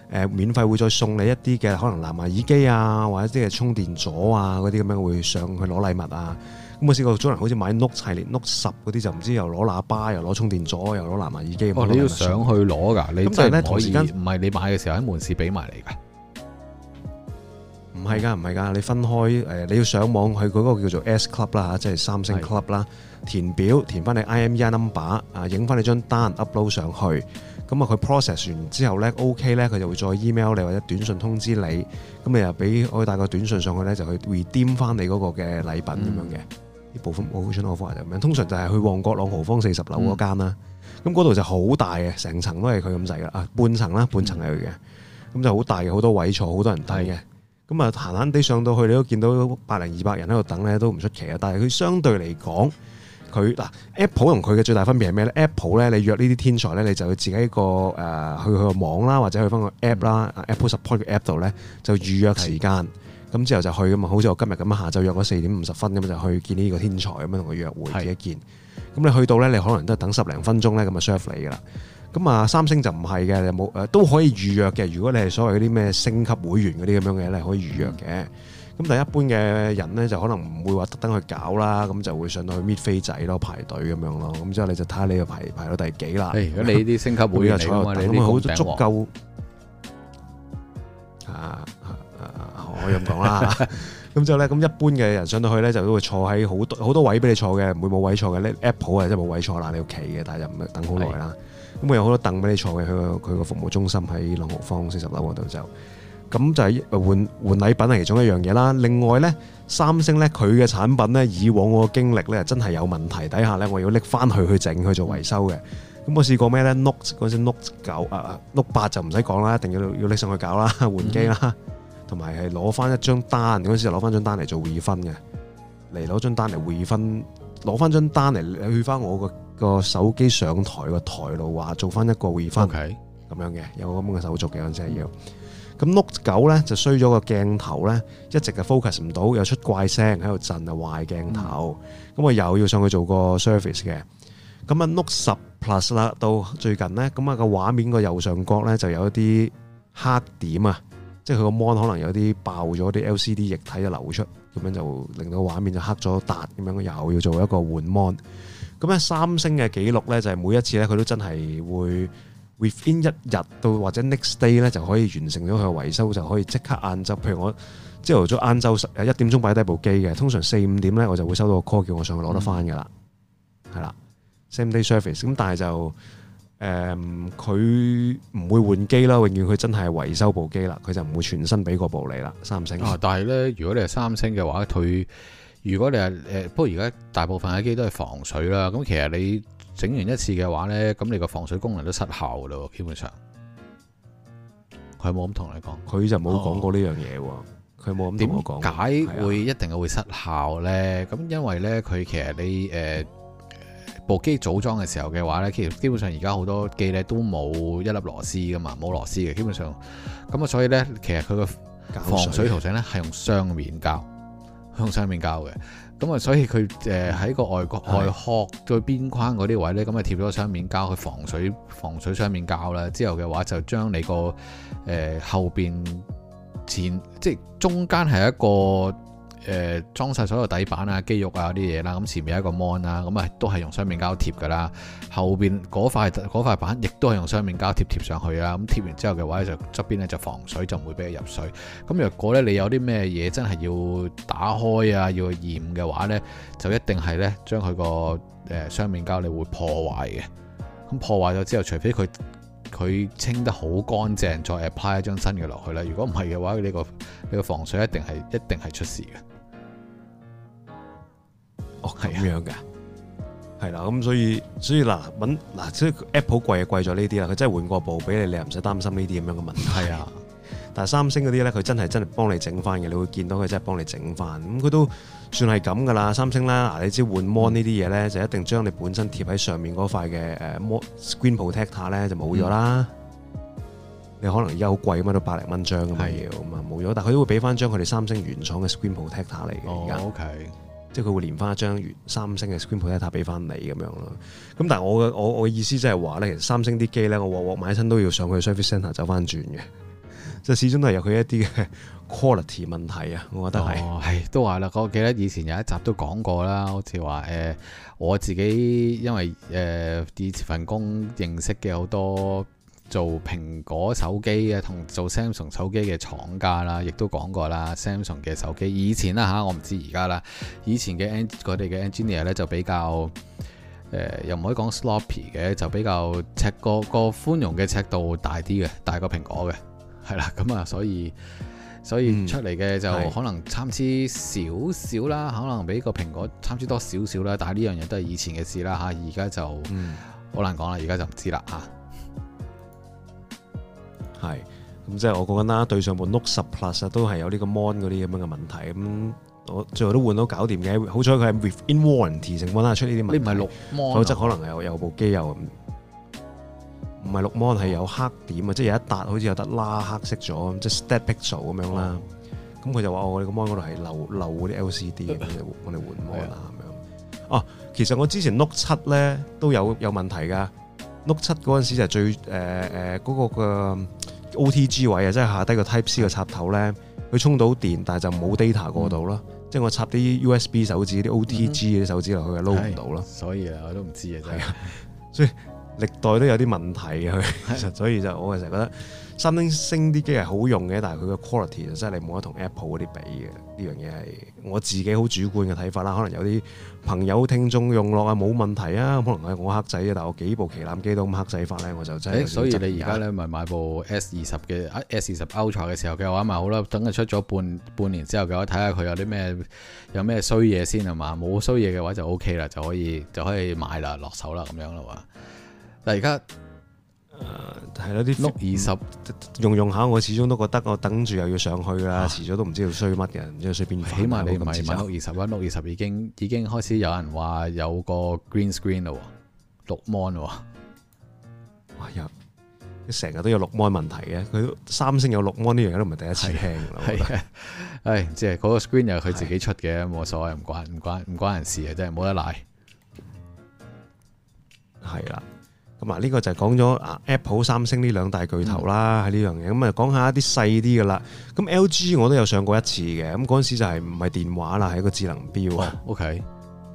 誒免費會再送你一啲嘅，可能藍牙耳機啊，或者即係充電座啊，嗰啲咁樣會上去攞禮物啊。咁我試過好多人好似買 Note 系列 Note 十嗰啲就唔知又攞喇叭，又攞充電座，又攞藍牙耳機。哦，你要上去攞噶，呢你真係可以。唔係你買嘅時候喺門市俾埋嚟㗎。唔係㗎，唔係㗎，你分開誒，你要上網去嗰個叫做 S Club 啦，即係三星 Club 啦的，填表填翻你 IMEI number，啊，影翻你張單 upload 上去。咁啊，佢 process 完之後咧，OK 咧，佢就會再 email 你或者短信通知你，咁你又俾我以帶個短信上去咧，就去 redeem 翻你嗰個嘅禮品咁樣嘅，呢、嗯、部分 o m o t i 咁樣。通常就係去旺角朗豪坊四十樓嗰間啦，咁嗰度就好大嘅，成層都係佢咁細嘅啊，半層啦，半層係佢嘅，咁就好大嘅，好多位坐，好多人睇嘅。咁啊、嗯，閒閒地上到去，你都見到百零二百人喺度等咧，都唔出奇啊。但係佢相對嚟講，佢嗱，Apple 同佢嘅最大分別係咩咧？Apple 咧，你約呢啲天才咧，你就要自己個誒、呃、去佢個網啦，或者去翻個 App 啦，Apple Support 嘅 App 度咧就預約時間，咁的之後就去噶嘛。好似我今日咁啊，下晝約咗四點五十分咁就去見呢個天才咁樣同佢約會自己見。咁的你去到咧，你可能都係等十零分鐘咧，咁就 serve 你噶啦。咁啊，三星就唔係嘅，你冇誒、呃、都可以預約嘅。如果你係所謂嗰啲咩升級會員嗰啲咁樣嘅，你可以預約嘅。嗯。咁但係一般嘅人咧，就可能唔會話特登去搞啦，咁就會上到去搣飛仔咯，排隊咁樣咯，咁之後你就睇下你個排排到第幾啦。如果你啲升級會員坐啊，坐喺你啲好足夠啊啊啊！可以咁講啦。咁 [LAUGHS] [LAUGHS] 之後咧，咁一般嘅人上到去咧，就都會坐喺好多好多位俾你坐嘅，唔會冇位坐嘅。Apple 啊，即係冇位坐啦，你要企嘅，但係就唔等好耐啦。咁啊是有好多凳俾你坐嘅，佢佢個服務中心喺朗豪坊四十樓嗰度就。咁就係換換禮品係其中一樣嘢啦。另外咧，三星咧佢嘅產品咧，以往我嘅經歷咧，真係有問題底下咧，我要拎翻去去整去做維修嘅。咁我試過咩咧？Note 嗰陣 Note 九啊 Note 八就唔使講啦，一定要要拎上去搞啦，換機啦。同埋係攞翻一張單，嗰陣時攞翻張單嚟做回分嘅，嚟攞張單嚟回分，攞翻張單嚟去翻我個個手機上台個台度話做翻一個回分咁 Okay 樣嘅，有咁嘅手續嘅嗰陣時係要。咁 Note 九咧就衰咗個鏡頭咧，一直就 focus 唔到，又出怪聲喺度震啊，壞鏡頭。咁我、嗯、又要上去做個 service 嘅。咁啊 Note 十 Plus 啦，到最近咧，咁、那、啊個畫面個右上角咧就有一啲黑點啊，即係佢個 mon 可能有啲爆咗啲 LCD 液體就流出，咁樣就令到畫面就黑咗笪，咁樣又要做一個換 mon。咁啊三星嘅記錄咧就係、是、每一次咧佢都真係會。within 一日到或者 next day 咧就可以完成咗佢嘅維修，就可以即刻晏晝。譬如我朝頭早晏晝十一點鐘擺低部機嘅，通常四五點咧我就會收到個 call 叫我上去攞得翻嘅啦。係啦、嗯、的，same day s u r f a c e 咁但係就誒，佢、嗯、唔會換機啦，永遠佢真係維修部機啦，佢就唔會全新俾過部你啦，三星。啊、但係咧，如果你係三星嘅話，佢如果你係誒，不過而家大部分嘅機都係防水啦。咁其實你。整完一次嘅話呢，咁你個防水功能都失效咯，基本上。佢冇咁同你講，佢就冇講過呢樣嘢喎。佢冇咁點解會一定會失效呢？咁因為呢，佢其實你誒部機組裝嘅時候嘅話呢，其實基本上而家好多機呢都冇一粒螺絲噶嘛，冇螺絲嘅基本上。咁啊，所以呢，其實佢個防水塗層呢係用雙面膠。向雙面膠嘅，咁啊，所以佢誒喺個外國外殼最邊框嗰啲位呢，咁啊是的 貼咗雙面膠，去防水防水雙面膠啦。之後嘅話就將你個誒、呃、後邊前即係中間係一個。誒，裝晒所有底板啊、肌肉啊啲嘢啦，咁前面有一個 mon 啦，咁啊都係用雙面膠貼噶啦。後邊嗰塊嗰塊板亦都係用雙面膠貼貼上去啊。咁貼完之後嘅話就側邊咧就防水，就唔會俾佢入水。咁若果咧你有啲咩嘢真係要打開啊，要驗嘅話咧，就一定係咧將佢個誒雙面膠你會破壞嘅。咁破壞咗之後，除非佢佢清得好乾淨，再 apply 一張新嘅落去啦。如果唔係嘅話，呢個呢個防水一定係一定係出事嘅。哦，係咁樣嘅，係的啦，咁所以所以嗱嗱即係 Apple 貴啊貴咗呢啲啦，佢真係換過部俾你，你又唔使擔心呢啲咁樣嘅問題啊。的但係三星嗰啲咧，佢真係真係幫你整翻嘅，你會見到佢真係幫你整翻。咁佢都算係咁噶啦，三星啦，嗱你知換 Mon 呢啲嘢咧，就一定將你本身貼喺上面嗰塊嘅誒 screen protector 咧就冇咗啦。嗯、你可能而家好貴啊嘛，都百零蚊張咁樣，咁啊冇咗，但佢都會俾翻張佢哋三星原廠嘅 screen protector 嚟嘅。OK、哦。在即係佢會連翻一張原三星嘅 screen protector 俾翻你咁樣咯。咁但係我嘅我我嘅意思即係話咧，其實三星啲機咧，我鑊鑊買親都要上去 service centre 走翻轉嘅。即係始終都係有佢一啲 quality 問題啊，我覺得係。哦，都話啦。我記得以前有一集都講過啦，好似話、呃、我自己因為啲、呃、以前份工認識嘅好多。做蘋果手機嘅同做 Samsung 手機嘅廠家啦，亦都講過啦。Samsung 嘅手機以前啦吓，我唔知而家啦。以前嘅佢哋嘅 engineer 咧就比較誒、呃，又唔可以講 sloppy 嘅，就比較尺個個寬容嘅尺度大啲嘅，大過蘋果嘅，係啦。咁啊，所以所以出嚟嘅就可能參差少少啦，嗯、可能比個蘋果參差多少少啦。但係呢樣嘢都係以前嘅事啦吓，而家就好、嗯、難講啦，而家就唔知啦吓。係，咁即係我覺得啦，對上部 Note 十 Plus 都係有呢個 mon 嗰啲咁樣嘅問題。咁我最後都換到搞掂嘅，好彩佢係 within warranty，成本都係出呢啲問題。你唔係綠 mon 否則可能有有部機又唔係綠 mon 係有黑點啊，即係有一笪好似有得啦，黑色咗，即係 dead pixel 咁樣啦。咁佢就話我哋個 mon 嗰度係漏漏嗰啲 LCD，我哋我哋換 mon 啦咁樣。哦，其實我之前 Note 七咧都有有問題㗎。Note 七陣陣時就最誒誒嗰個個。OTG 位啊，即係下低個 Type C 個插頭咧，佢充到電，但係就冇 data 過到咯。嗯、即係我插啲 USB 手指、啲 OTG 啲手指落去佢，撈唔到咯。所以啊，我都唔知啊，真係。所以歷代都有啲問題嘅，其實的所以就我成日覺得，三星升啲機係好用嘅，但係佢個 quality 就真係你冇得同 Apple 嗰啲比嘅。呢樣嘢係我自己好主觀嘅睇法啦，可能有啲。朋友、聽眾用落啊冇問題啊，可能係我黑仔啊，但我幾部旗艦機都咁黑仔法咧，我就真係、欸、所以你而家咧咪買部 S 二十嘅，S 二十 Ultra 嘅時候嘅話咪好啦，等佢出咗半半年之後嘅話，睇下佢有啲咩有咩衰嘢先係嘛，冇衰嘢嘅話就 OK 啦，就可以就可以買啦，落手啦咁樣啦嘛。但而家。誒，係咯啲六二十用用下，我始終都覺得我等住又要上去啦，遲咗、啊、都唔知道衰乜嘅，要衰邊款？起碼你買買六二十，因為六二十已經已經開始有人話有個 green screen 咯，綠 mon 咯，哇有！佢成日都有綠 mon 問題嘅，佢三星有綠 mon 呢樣嘢都唔係第一次聽。係即係嗰個 screen 又係佢自己出嘅，冇的所謂，唔關唔關唔關人事啊，真係冇得賴。係啦。咁呢個就講咗 Apple、三星呢兩大巨頭啦，係呢樣嘢。咁啊，講下一啲細啲嘅啦。咁 LG 我都有上過一次嘅。咁嗰陣時就係唔係電話啦，係一個智能表、哦、OK。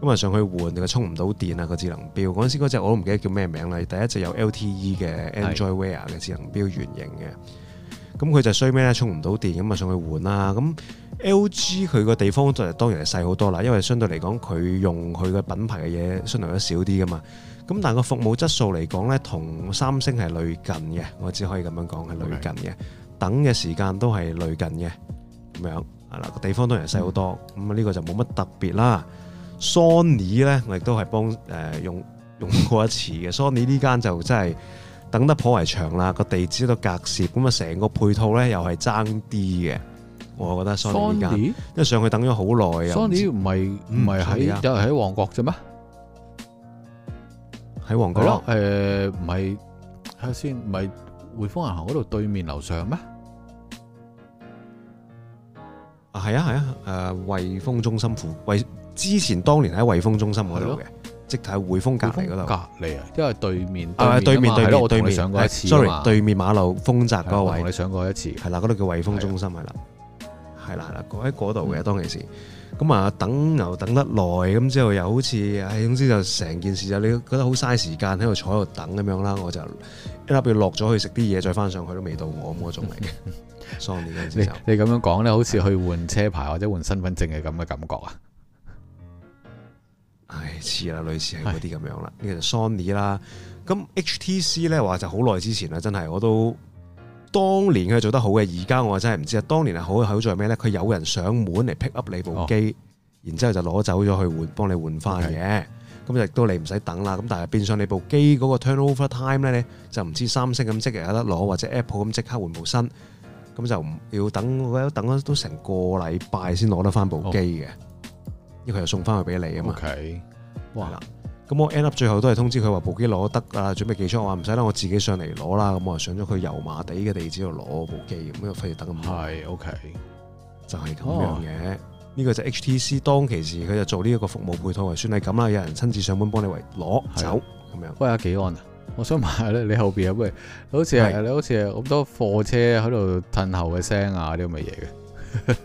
咁啊上去換，個充唔到電啊、個智能表。嗰陣時嗰隻我都唔記得叫咩名啦。第一隻有 LTE 嘅 Android Wear 嘅是智能表，圓形嘅。咁佢就衰咩？充唔到電，咁啊上去換啦。咁 LG 佢個地方就當然係細好多啦，因為相對嚟講佢用佢嘅品牌嘅嘢，相對得少啲噶嘛。咁但係個服務質素嚟講咧，同三星係類近嘅，我只可以咁樣講係類近嘅，Okay. 等嘅時間都係類近嘅，咁樣啊嗱，個地方當然細好多，咁啊呢個就冇乜特別啦。Sony 咧，我亦都係幫誒、呃、用用過一次嘅。Sony 呢間就真係等得頗為長啦，個地址都隔涉，咁啊成個配套咧又係爭啲嘅，我覺得 Sony 呢間，因為上去等咗好耐呀。Sony 唔係唔係喺就係喺旺角啫咩？喺旺角咯，誒，唔係，睇下先，唔係匯豐銀行嗰度對面樓上咩？啊，係啊係啊，誒，匯豐、啊啊啊呃、匯豐中心附匯，之前當年喺匯豐中心嗰度嘅，啊、即係喺匯豐，匯豐隔籬嗰度，隔籬啊，因為對面，對面對面對對面，sorry，對面馬路豐澤嗰位，我哋上過一次，係啦，嗰度叫匯豐中心係啦，係啦啦，喺嗰度嘅，當其時。嗯咁啊，等又等得耐，咁之後又好似，唉、哎，總之就成件事就你覺得好嘥時間喺度坐喺度等咁樣啦。我就特別落咗去食啲嘢，再翻上去都未到我嗰種嚟嘅。 [LAUGHS] Sony 嘅時候，你你咁樣講咧，好似去換車牌或者換身份證嘅咁嘅感覺啊？唉、哎，似啦，類似係嗰啲咁樣啦。呢個 Sony 啦。咁 HTC 咧話就好耐之前啦，真係我都。當年佢做得好嘅，而家我真係唔知啊！當年係好，好在咩咧？佢有人上門嚟 pick up 你部機，然之後就攞走咗去換，幫你換翻嘅。咁就亦都你唔使等啦。咁但係變相你部機嗰個 turnover time 咧，就唔似三星咁即日有得攞，或者 Apple 咁即刻換部新，咁就唔要等，我覺得等咗都成個禮拜先攞得翻部機嘅。因為佢又送翻去俾你啊嘛。哇！咁我 end up 最後都係通知佢話部機攞得啊，準備寄出。我話唔使啦，我自己上嚟攞啦。咁我就上咗佢油麻地嘅地址度攞部機，咁又費事等咁耐。係，OK，就係咁樣嘅。呢、哦、個就 HTC 當其時佢就做呢一個服務配套，就算係咁啦。有人親自上門幫你攞走咁、啊、樣。喂阿幾安啊，我想問下咧，你後邊有咩好似係是你好似係好多貨車喺度褪後嘅聲啊啲咁嘅嘢嘅。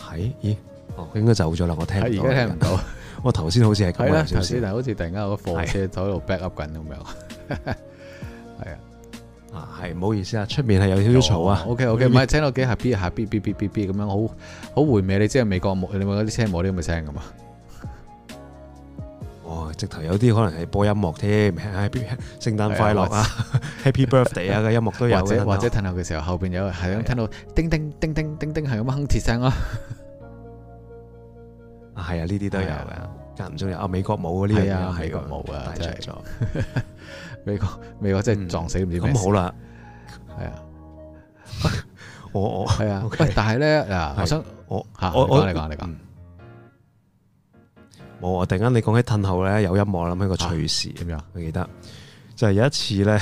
係，咦？佢、哦、應該走咗啦。我聽，而家聽唔到，到。 [LAUGHS] 我頭先好似係咁啦，頭先但好似突然間有個貨車走喺度 back up 緊咁樣，係啊，啊係，唔好意思啊，出面係有少少嘈啊。OK OK，唔係聽到幾下 B 下 B B B B B 咁樣，好好回味。你知係美國冇你咪嗰啲車冇啲咁嘅聲噶嘛？哦，直頭有啲可能係播音樂添，唉，B B，聖誕快樂啊，Happy Birthday 啊，嘅音樂都有或者褪後嘅時候，後邊有咁係聽到叮叮叮叮叮叮係咁樣哼鐵聲咯。係啊，呢啲都有嘅，間唔中有啊。美國冇嗰啲啊，美國冇啊，真係美國美國真係撞死唔知。咁好啦，係啊，我我係啊。但係咧啊，我想我吓我我你講你講，冇啊！突然間你講起褪後咧，有一幕我諗起一個趣事，咁樣我記得就係有一次咧，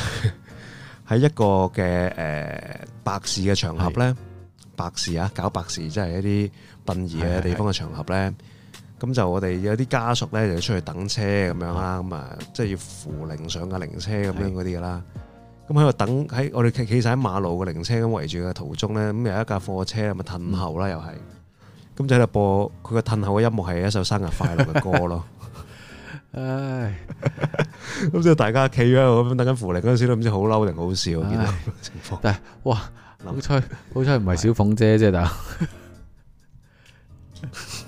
喺一個嘅誒白事嘅場合咧，白事啊，搞白事即係一啲殯儀嘅地方嘅場合咧。咁就我哋有啲家屬咧，就出去等車咁樣啦，咁啊，即係要扶靈上架靈車咁樣嗰啲啦。咁喺度等喺我哋企企曬喺馬路嘅靈車咁圍住嘅途中咧，咁有一架貨車咪褪後啦，又係。咁就喺度播佢個褪後嘅音樂係一首生日快樂嘅歌咯。唉，咁即係大家企咗喺度咁等緊扶靈嗰陣時咧，都唔知好嬲定好笑？見到情況，但係哇，好彩好彩唔係小鳳姐啫，但。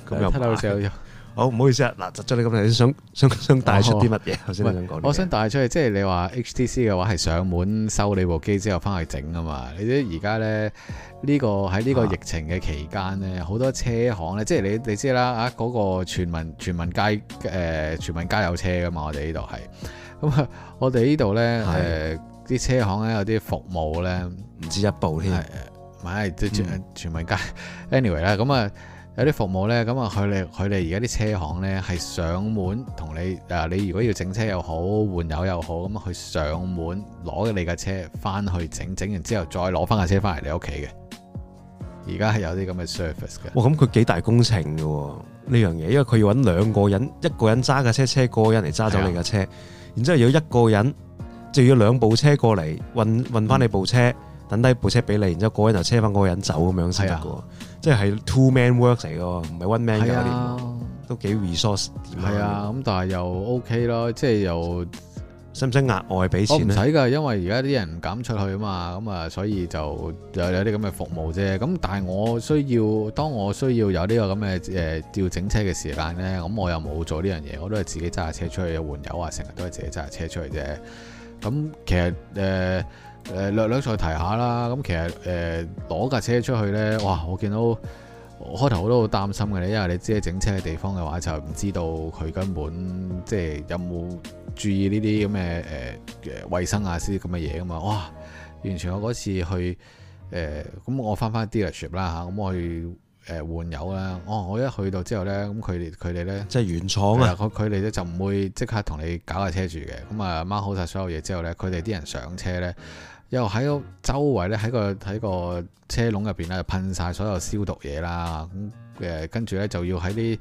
咁又得啦，啊、好唔好意思啊？嗱，窒咗你咁耐，想想想帶出啲乜嘢？我想帶出去，即、就、係、是、你話 HTC 嘅話，係上門收你部機之後翻去整啊嘛？你啲而家咧呢、這個喺呢個疫情嘅期間咧，好、啊、多車行咧，即係你你知啦啊！嗰、那個全民全民街誒、呃，全民街有車噶嘛？我哋呢度係咁啊！我哋呢度咧誒啲車行咧有啲服務咧唔知一步添，唔係都全全民街。Anyway 啦、嗯，咁啊～有啲服務呢，咁啊佢哋佢哋而家啲車行呢係上門同你，啊你如果要整車又好換油又好，咁去上門攞你架車翻去整，整完之後再攞翻架車翻嚟你屋企嘅。而家係有啲咁嘅 service 嘅。哇！咁佢幾大工程嘅呢樣嘢，因為佢要揾兩個人，一個人揸架車車個人嚟揸走你架車，車車的然之後要一個人，就要兩部車過嚟運運翻你部車，嗯、等低部車俾你，然之後嗰個人就車翻嗰個人走咁樣先得嘅。即係 two man work 嚟咯，唔係 one man 嘅。都幾 resource。係啊，咁、啊、但係又 OK 咯，即係又使唔使額外俾錢？我唔使噶，因為而家啲人唔敢出去啊嘛，咁啊，所以就有有啲咁嘅服務啫。咁但係我需要，當我需要有、這個呃、呢個咁嘅誒要整車嘅時間咧，咁我又冇做呢樣嘢，我都係自己揸架車出去換油啊，成日都係自己揸架車出去啫。咁其實誒。呃誒略略再提下啦，咁其實誒攞架車出去咧，哇！我見到開頭我都好擔心嘅咧，因為你知係整車嘅地方嘅話就唔知道佢根本即係有冇注意呢啲咁嘅誒誒衞生啊，啲咁嘅嘢啊嘛，哇！完全我嗰次去誒，咁、呃、我翻翻 dealership 啦嚇，咁、啊、我去誒換油啦，哦、啊，我一去到之後咧，咁佢佢哋咧，呢即係原廠佢哋咧就唔會即刻同你搞架車住嘅，咁啊，掹好晒所有嘢之後咧，佢哋啲人上車咧。又喺個周圍咧，喺個喺個車籠入邊咧噴晒所有消毒嘢啦。咁誒跟住咧就要喺啲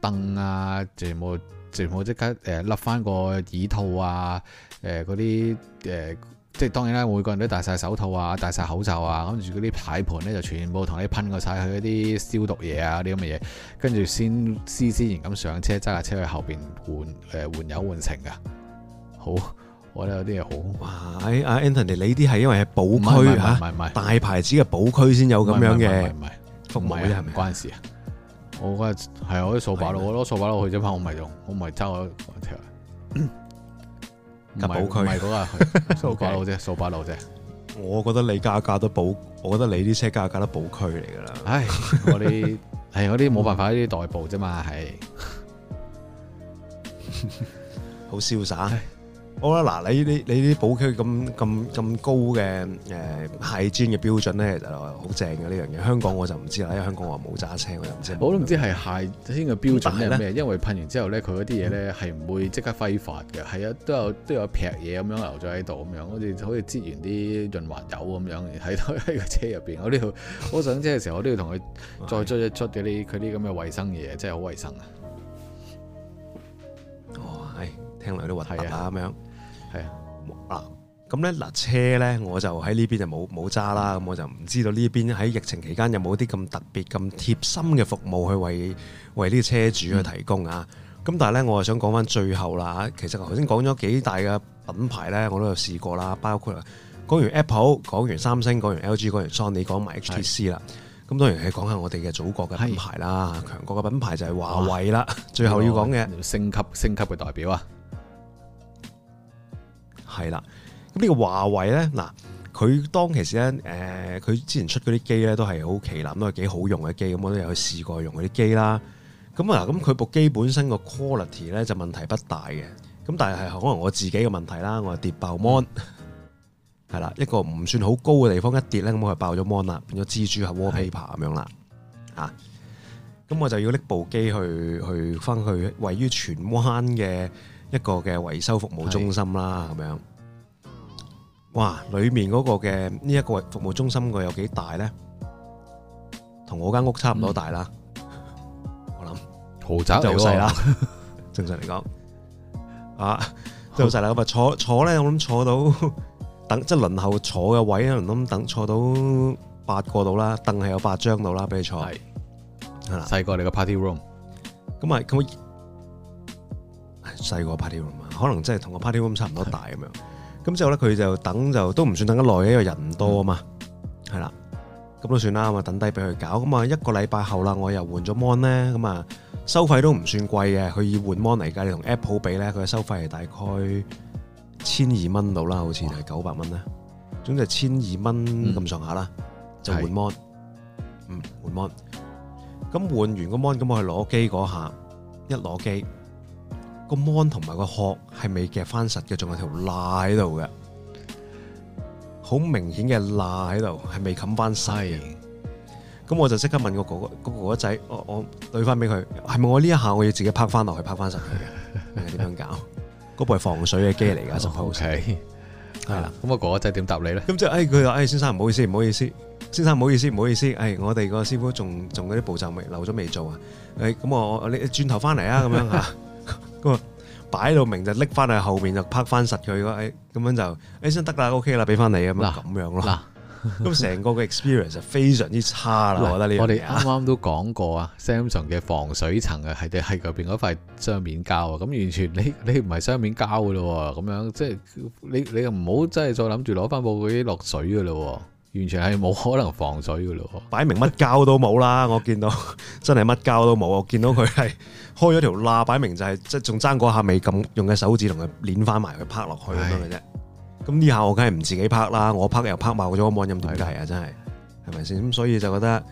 凳啊，全部全部即刻誒笠翻個耳套啊，誒嗰啲誒即係當然啦，每個人都戴晒手套啊，戴晒口罩啊。跟住嗰啲牌盤咧就全部同你噴過晒佢嗰啲消毒嘢啊，啲咁嘅嘢。跟住先施施然咁上車，揸架車去後邊換誒換油換成噶。好。我覺得有啲嘢好哇，阿 Anthony，你啲係因為係保區吓，唔係唔係大牌子嘅保區先有咁樣嘅，唔係福米啊，係咪？關事啊，我覺得係我啲掃把佬，我攞掃把佬去啫嘛，我唔係用，我唔係揸我車。保區唔係嗰日掃把佬啫，掃把佬啫。我覺得你家家都保，我覺得你啲車家家都保區嚟噶啦。唉，我啲係我啲冇辦法啲代步啫嘛，係好瀟灑。我啦，嗱、哦，你啲你啲保區咁咁咁高嘅誒鞋磚嘅標準咧，其實好正嘅呢樣嘢。香港我就唔知啦，因為香港我冇揸車，我唔知。我都唔知係鞋磚嘅標準係咩，因為噴完之後咧，佢嗰啲嘢咧係唔會即刻揮發嘅。係啊、嗯，都有都有劈嘢咁樣留咗喺度，咁樣好似好似擠完啲潤滑油咁樣，喺喺個車入邊。我呢度，我上車嘅時候我都要同佢再追出一出嘅啲佢啲咁嘅衞生嘢，真係好衞生啊！哇、哦，誒，聽落有啲核突咁樣。係啊，咁咧嗱，車咧，我就喺呢邊就冇冇揸啦，咁我就唔知道呢邊喺疫情期間有冇啲咁特別、咁貼心嘅服務去為為呢個車主去提供啊。咁、嗯、但係咧，我就想講返最後啦，其實頭先講咗幾大嘅品牌咧，我都有試過啦，包括講完 Apple、講完三星、講完 LG、講完 Sony，講埋 HTC 啦。咁是的 當然係講下我哋嘅祖國嘅品牌啦，是的 強國嘅品牌就係華為啦。啊、最後要講嘅升級升級嘅代表啊！係、呃、啦，咁呢個華為咧，嗱，佢當其時咧，誒，佢之前出嗰啲機咧都係好旗艦，都係幾好用嘅機，咁我都有去試過用嗰啲機啦。咁啊，咁佢部機本身個 quality 咧就問題不大嘅，咁但係可能我自己嘅問題啦，我係跌爆 mon，係啦，一個唔算好高嘅地方一跌咧，咁我係爆咗 mon 啦，變咗蜘蛛俠 wallpaper 咁樣啦，吓、啊，咁我就要搦部機去去翻去位於荃灣嘅。一個嘅維修服務中心啦，咁是樣，哇，裏面嗰個嘅呢一個服務中心個有幾大咧？同我間屋差唔多大啦，嗯、我諗想豪宅，哦、就好細啦。 [LAUGHS] 正常嚟講，啊，就細啦。咁啊好坐坐咧，我諗坐到等即係輪候坐嘅位，我諗等坐到八個度啦，凳係有八張度啦，俾你坐。係是，細過對你個 party room。咁啊，咁。細個 party room 啊，可能真係同個 party room 差唔多大咁是的 樣。咁之後咧，佢就等就都唔算等得耐嘅，因為人唔多啊嘛，係啦、嗯。咁都算啦，咁啊等低俾佢搞。咁啊一個禮拜後啦，我又換咗 mon 咧。咁啊收費都唔算貴嘅，佢以換 mon 嚟計。你同 Apple 比咧，佢嘅收費係大概千二蚊到啦，好似係九百蚊咧。總之係千二蚊咁上下啦，嗯、就換 mon。是的 嗯，換 mon。咁換完個 mon，咁我去攞機嗰下，一攞機。個芒同埋個殼係未夾翻實嘅，仲有條罅喺度嘅，好明顯嘅罅喺度，係未冚翻晒。咁我就即刻問個哥哥，哥哥仔，我我對翻俾佢，係咪我呢一下我要自己拍翻落去，拍翻實佢？點樣搞？嗰部係防水嘅機嚟噶，O K。係啦，咁啊哥哥仔點答你咧？咁即係，哎佢話，哎先生唔好意思，唔好意思，先生唔好意思，唔好意思，哎我哋個師傅仲仲嗰啲步驟未留咗未做啊？誒，咁我我你轉頭翻嚟啊，咁樣吓。咁啊，擺到明就拎翻去後面就拍翻實佢咯。哎，咁樣就哎先得啦，OK 啦，俾翻你咁啊，咁樣咯。咁成個嘅 experience 就非常之差啦。我覺得你，我哋啱啱都講過啊，Samsung 嘅防水層啊，係哋係嗰邊嗰塊雙面膠啊。咁完全你你唔係雙面膠噶咯，咁樣即係你你又唔好真係再諗住攞翻部嗰啲落水噶咯。完全係冇可能防水噶咯。擺明乜膠都冇啦，我見到真係乜膠都冇。我見到佢係。開咗條罅，擺明就係即係仲爭嗰下未咁用嘅手指同佢捻翻埋佢拍落去咁樣嘅啫。咁呢下我梗係唔自己拍啦，我拍又拍爆咗個網音台噶，係啊，是的 真係係咪先咁？所以就覺得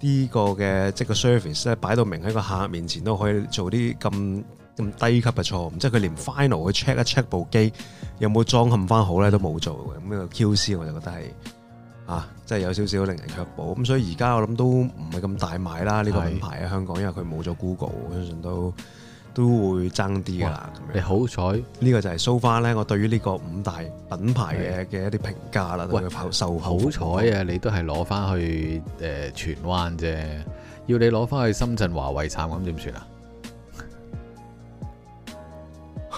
呢個嘅即係個 service 咧，擺到明喺個客面前都可以做啲咁咁低級嘅錯誤，即係佢連 final 去 check 一 check 部機有冇裝冚翻好咧都冇做，咁呢個 Q C 我就覺得係。啊，即係有少少令人卻步咁，所以而家我諗都唔係咁大買啦，呢、呢個品牌喺香港，因為佢冇咗 Google，相信都都會爭啲噶啦。你好彩，呢個就係 so far 咧，我對於呢個五大品牌嘅嘅一啲評價啦。的收喂，好彩啊！你都係攞翻去誒、呃、荃灣啫，要你攞翻去深圳華為站咁點算啊？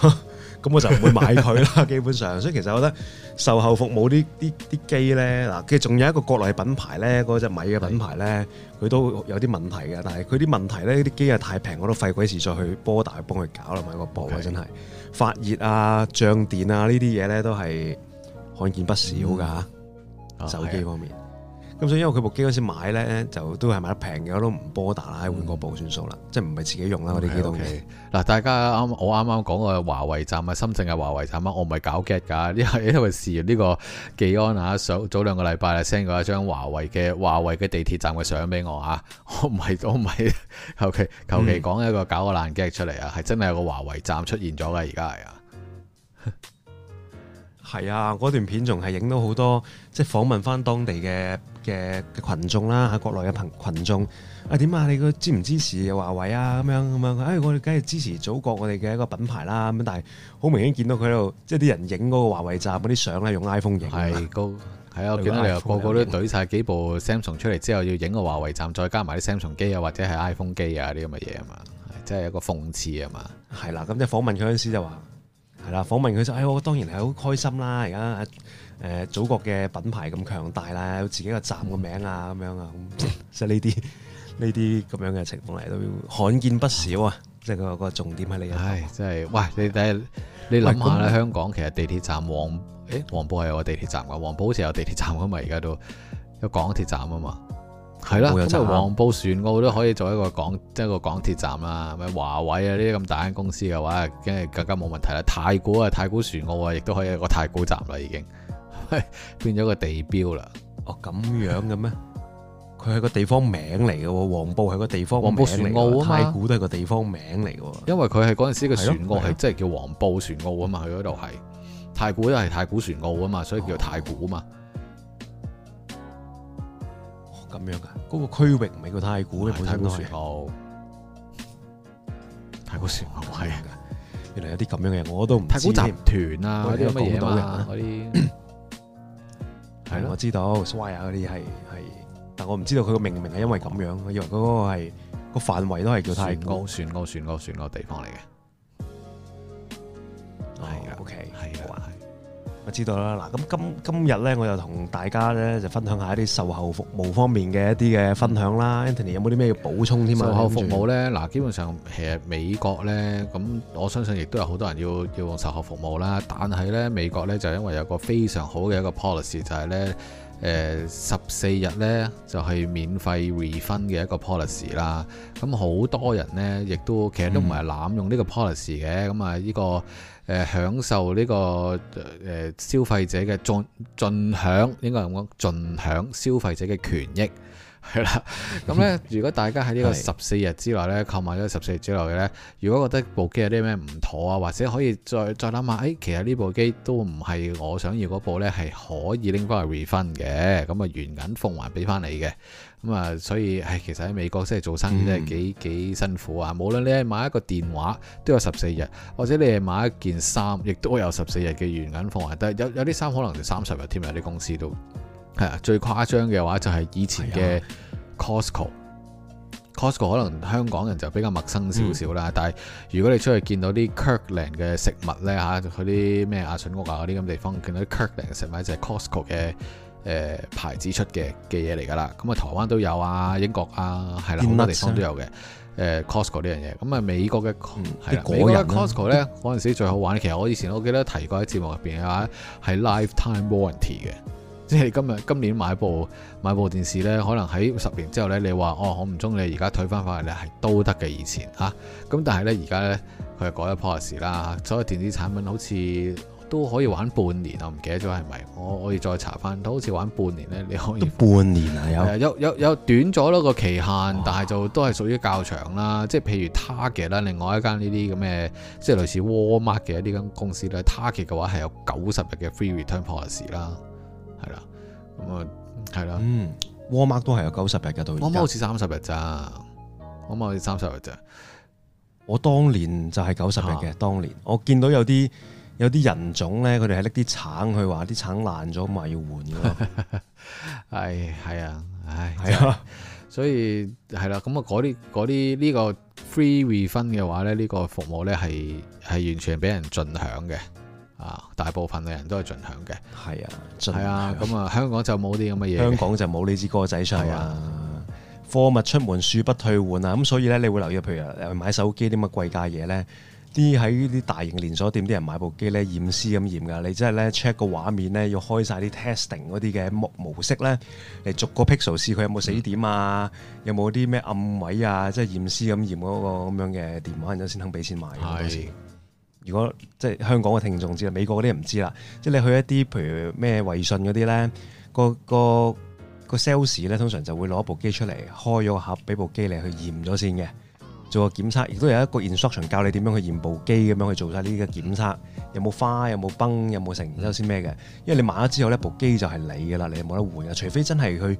[LAUGHS] 咁我就唔會買佢啦， [LAUGHS] 基本上，所以其實我覺得售後服務啲啲啲機咧，嗱，佢仲有一個國內品牌咧，嗰、那、隻、個、米嘅品牌咧，佢是的 都有啲問題嘅，但係佢啲問題咧，啲機又太平，我都費鬼事再去波打去幫佢搞啦，買個部啊，是的 真係發熱啊、脹電啊呢啲嘢咧，都係看見不少㗎，嗯、手機方面。啊。咁所以因為佢部機嗰時買咧就都係買得平嘅，我都唔波達啦，換個部算數啦，嗯、即係唔係自己用啦嗰啲機動嘅。嗱，okay, okay. 大家啱，我啱啱講個華為站啊，深圳嘅華為站啊，我唔係搞 gag 㗎，呢係因為事業呢個技安啊，早兩個禮拜啦 send 過一張華為嘅華為嘅地鐵站嘅相俾我啊，我唔係我唔係求其求其講一個搞個爛 gag 出嚟啊，係、嗯、真係有個華為站出現咗嘅，而家係啊。 [LAUGHS] 係啊，嗰段片仲係影到好多，即係訪問翻當地嘅嘅嘅羣眾啦，喺國內嘅羣羣眾。啊點啊，你個支唔支持華為啊？咁樣咁樣，誒我哋梗係支持祖國，我哋嘅一個品牌啦。咁但係好明顯見到佢喺度，即係啲人影嗰個華為站嗰啲相咧，用 iPhone 影。係高，係啊！對我見到你話 iPhone 個個都隊晒幾部 Samsung 出嚟之後，要影個華為站，再加埋啲 Samsung 機啊，或者係 iPhone 機啊啲咁嘅嘢啊嘛，即係一個諷刺啊嘛。係啦、啊，咁即係訪問佢嗰陣時就話。係啦，訪問佢就誒，我當然係好開心啦！而家誒，祖國嘅品牌咁強大啦，有自己個站個名啊，咁、嗯、樣啊，即係呢啲呢啲咁樣嘅情況嚟都罕見不少啊！即係個個重點喺呢個。係，即係喂，你睇下，你諗下啦，香港其實地鐵站黃誒黃埔係有個地鐵站㗎，黃埔好似有地鐵站㗎嘛，而家都有，有港鐵站啊嘛。係啦，即係黃埔船澳都可以做一個港站，即係一個港鐵站啦。咩華為啊呢啲咁大間公司嘅話，梗係更加冇問題啦。太古啊，太古船澳啊，亦都可以一個太古站啦，已 [LAUGHS] 經變咗一個地標啦。哦，咁樣嘅咩？佢係 [LAUGHS] 個地方名嚟嘅喎，黃埔係個地方名，黃埔船澳啊太古都係個地方名嚟嘅喎。因為佢係嗰陣時嘅船澳係即係叫黃埔船澳啊嘛，佢嗰度係太古都係太古船澳啊嘛，所以叫做太古啊嘛。哦咁樣噶，嗰個區域唔係叫太古嘅，冇咁多樹頭。太古船係咪啊？原來有啲咁樣嘅，我都唔知，太古集團啊，嗰啲嗰啲係我知道 Swire 嗰啲係係，但我唔知道佢個命名係因為咁樣，我以為嗰個係個範圍都係叫太古船，太古船，太古船個地方嚟嘅。係啊，ok。我知道啦，嗱，咁今今日呢，我就同大家呢就分享下一啲售後服務方面嘅一啲嘅分享啦。嗯、Anthony 有冇啲咩要補充添啊？售後服務呢，嗱着，基本上其實美國呢，咁我相信亦都有好多人要要用售後服務啦。但係呢，美國呢，就因為有個非常好嘅一個 policy，就係、是、呢誒十四日呢就係、是、免費 refund 嘅一個 policy 啦。咁好多人呢，亦都其實都唔係濫用呢個 policy 嘅。咁啊、嗯，呢、這個。誒享受呢個誒消費者嘅盡盡享，應該咁講，盡享消費者嘅權益，係啦。咁咧，如果大家喺呢個十四日之內咧購買咗，十四日之內嘅咧，如果覺得部機有啲咩唔妥啊，或者可以再再諗下，誒、哎，其實呢部機都唔係我想要嗰部咧，係可以拎翻去 refund 嘅，咁啊原銀奉還俾翻你嘅。咁啊、嗯，所以唉、哎，其實喺美國真係做生意真係幾幾辛苦啊！無論你係買一個電話都有十四日，或者你係買一件衫，亦都有十四日嘅原銀奉還。但係有有啲衫可能就三十日添，有啲公司都係啊。最誇張嘅話就係以前嘅 co,、啊、Costco，Costco 可能香港人就比較陌生少少啦。但係如果你出去見到啲 Kirkland 嘅食物咧嚇，嗰啲咩阿信屋啊嗰啲咁地方見到啲 Kirkland 嘅食物就係 Costco 嘅。誒牌子出嘅嘅嘢嚟㗎啦，咁啊台灣都有啊，英國啊，係啦好多地方都有嘅。啊、Costco 呢樣嘢，咁啊美國嘅係啦，美國 Costco 咧嗰陣時最好玩，其實我以前我記得提過喺節目入邊嘅話係 lifetime warranty 嘅，即係今日今年買部買部電視咧，可能喺十年之後咧，你話哦，我唔中意你而家退翻返嚟咧，係都得嘅，以前嚇，咁、啊、但係咧而家咧佢改咗 policy 啦，所有電子產品好似。都可以玩半年啊，唔記得咗係咪？我是是我，我要再查翻，都好似玩半年咧。你可以半年啊，有有有有短咗咯個期限，但係就都係屬於較長啦。即係譬如 Target 啦，另外一間呢啲咁嘅，即係類似 Walmart 嘅呢啲間公司咧。Target 嘅話係有九十日嘅 free return policy 啦，係啦，咁啊，係啦，Walmart 都係有九十日嘅。Walmart 好似三十日咋？Walmart 好似三十日咋？我當年就係九十日嘅。啊、當年我見到有啲。有啲人種咧，佢哋係拎啲橙去話啲橙爛咗，咪要換咯。係係 [LAUGHS] 啊，唉，啊。所以係啦，咁啊，嗰啲啲呢個 free refund 嘅話咧，呢、呢個服務咧係係完全俾人盡享嘅。啊，大部分嘅人都係盡享嘅。係啊，係行啊，咁、嗯、啊，香港就冇啲咁嘅嘢。香港就冇呢支歌仔唱啊，啊貨物出門恕不退換啊。咁所以咧，你會留意，譬如買手機啲咁嘅貴價嘢咧。啲喺呢啲大型嘅連鎖店，啲人買部機咧，驗屍咁驗㗎。你真係咧 check 個畫面咧，要開晒啲 testing 嗰啲嘅模模式咧，嚟逐個 pixel 試佢有冇死點啊，嗯、有冇啲咩暗位啊，即係驗屍咁驗嗰個咁樣嘅電話先，先肯俾錢買的。是的 如果即係香港嘅聽眾知，美國嗰啲唔知啦。即係你去一啲譬如咩衛訊嗰啲咧，個個個 sales 咧通常就會攞部機出嚟，開咗個盒，俾部機你去驗咗先嘅。做個檢測，亦都有一個 instruction 教你點樣去驗部機，咁樣去做晒呢啲嘅檢測，有冇花，有冇崩，有冇成，首先咩嘅？因為你買咗之後呢部機就係你嘅啦，你冇得換嘅，除非真係去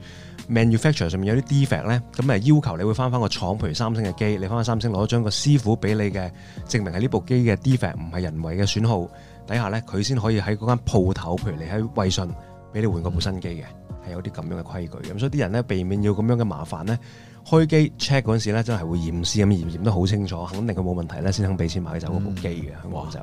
manufacture 上面有啲 defect 咧，咁啊要求你會翻返個廠，譬如三星嘅機，你翻翻三星攞張個師傅俾你嘅證明係呢部機嘅 defect 唔係人為嘅損耗底下咧，佢先可以喺嗰間鋪頭，譬如你喺衛信俾你換個部新機嘅，係有啲咁樣嘅規矩嘅，咁所以啲人咧避免要咁樣嘅麻煩咧。開機 check 嗰陣時咧，真係會驗屍咁驗，驗得好清楚，肯定佢冇問題咧，先肯俾錢買走嗰部機嘅。喎、嗯、香港就，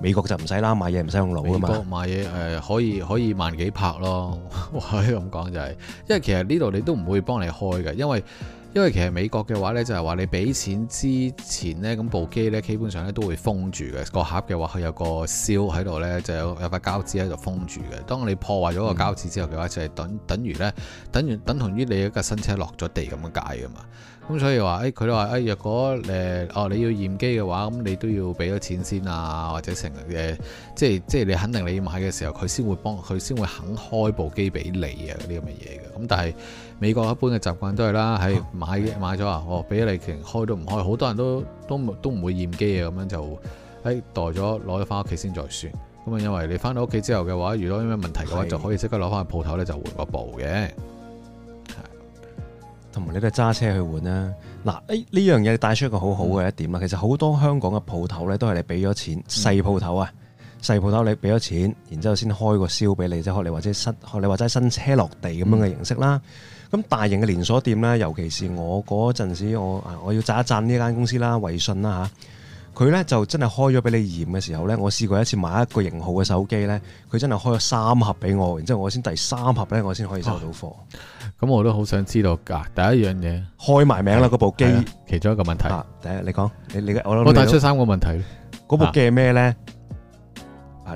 美國就唔使啦，買嘢唔使用腦噶嘛。美國買嘢誒、呃、可以可以萬幾拍咯，可以咁講就係，因為其實呢度你都唔會幫你開嘅，因為。因為其實美國嘅話呢，就係話你俾錢之前呢，咁部機呢，基本上咧都會封住嘅個盒嘅話，佢有個銷喺度呢，就有有塊膠紙喺度封住嘅。當你破壞咗個膠紙之後嘅話，就係，就係等等於呢，等於等同於你一架新車落咗地咁嘅解㗎嘛。咁所以話，誒佢都話，誒若果誒，哦你要驗機嘅話，咁你都要俾咗錢先啊，或者成誒、哎，即係即係你肯定你要買嘅時候，佢先會幫佢先會肯開部機俾你啊，嗰啲咁嘅嘢嘅。咁但係美國一般嘅習慣都係啦，係、哎、買買咗啊，哦俾咗你佢開都唔開，好多人都都都唔會驗機嘅，咁樣就，誒袋咗攞咗翻屋企先再算。咁啊因為你翻到屋企之後嘅話，如果有咩問題嘅話，是就可以即刻攞翻去鋪頭咧就換個部嘅。同埋你都係揸車去換啦。嗱，誒呢樣嘢帶出一個好好嘅一點啦。其實好多香港嘅鋪頭呢，都係你俾咗錢細鋪頭啊，細鋪頭你俾咗錢，然之後先開個銷俾你，即係學你或者新學你新車落地咁樣嘅形式啦。咁大型嘅連鎖店呢，尤其是我嗰陣時，我我要贊一贊呢間公司啦，維信啦、吓佢咧就真係開咗俾你驗嘅時候咧，我試過一次買一個型號嘅手機咧，佢真係開咗三盒俾我，然之後我先第三盒咧，我先可以收到貨。咁、哦、我都好想知道，嗱、啊、第一樣嘢開埋名啦，嗰對部機其中一個問題。第一、啊，你講你你我我帶出三個問題咧，嗰也、啊、部機係咩呢？咧。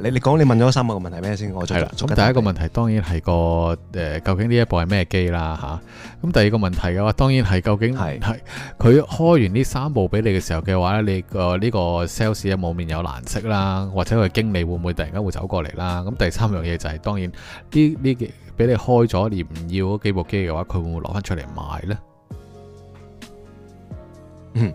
你你講你問咗三個問題咩先？我再係啦。咁了第一個問題當然係個誒、呃，究竟呢一部係咩機啦？吓、啊，咁第二個問題嘅話，當然係究竟係係佢開完呢三部俾你嘅時候嘅話咧，你個呢個 sales 有冇面有難色啦？或者佢經理會唔會突然間會走過嚟啦？咁、嗯、第三樣嘢就係、是、當然呢呢幾俾你開咗，你唔要嗰幾部機嘅話，佢會唔會攞翻出嚟賣咧？嗱、嗯，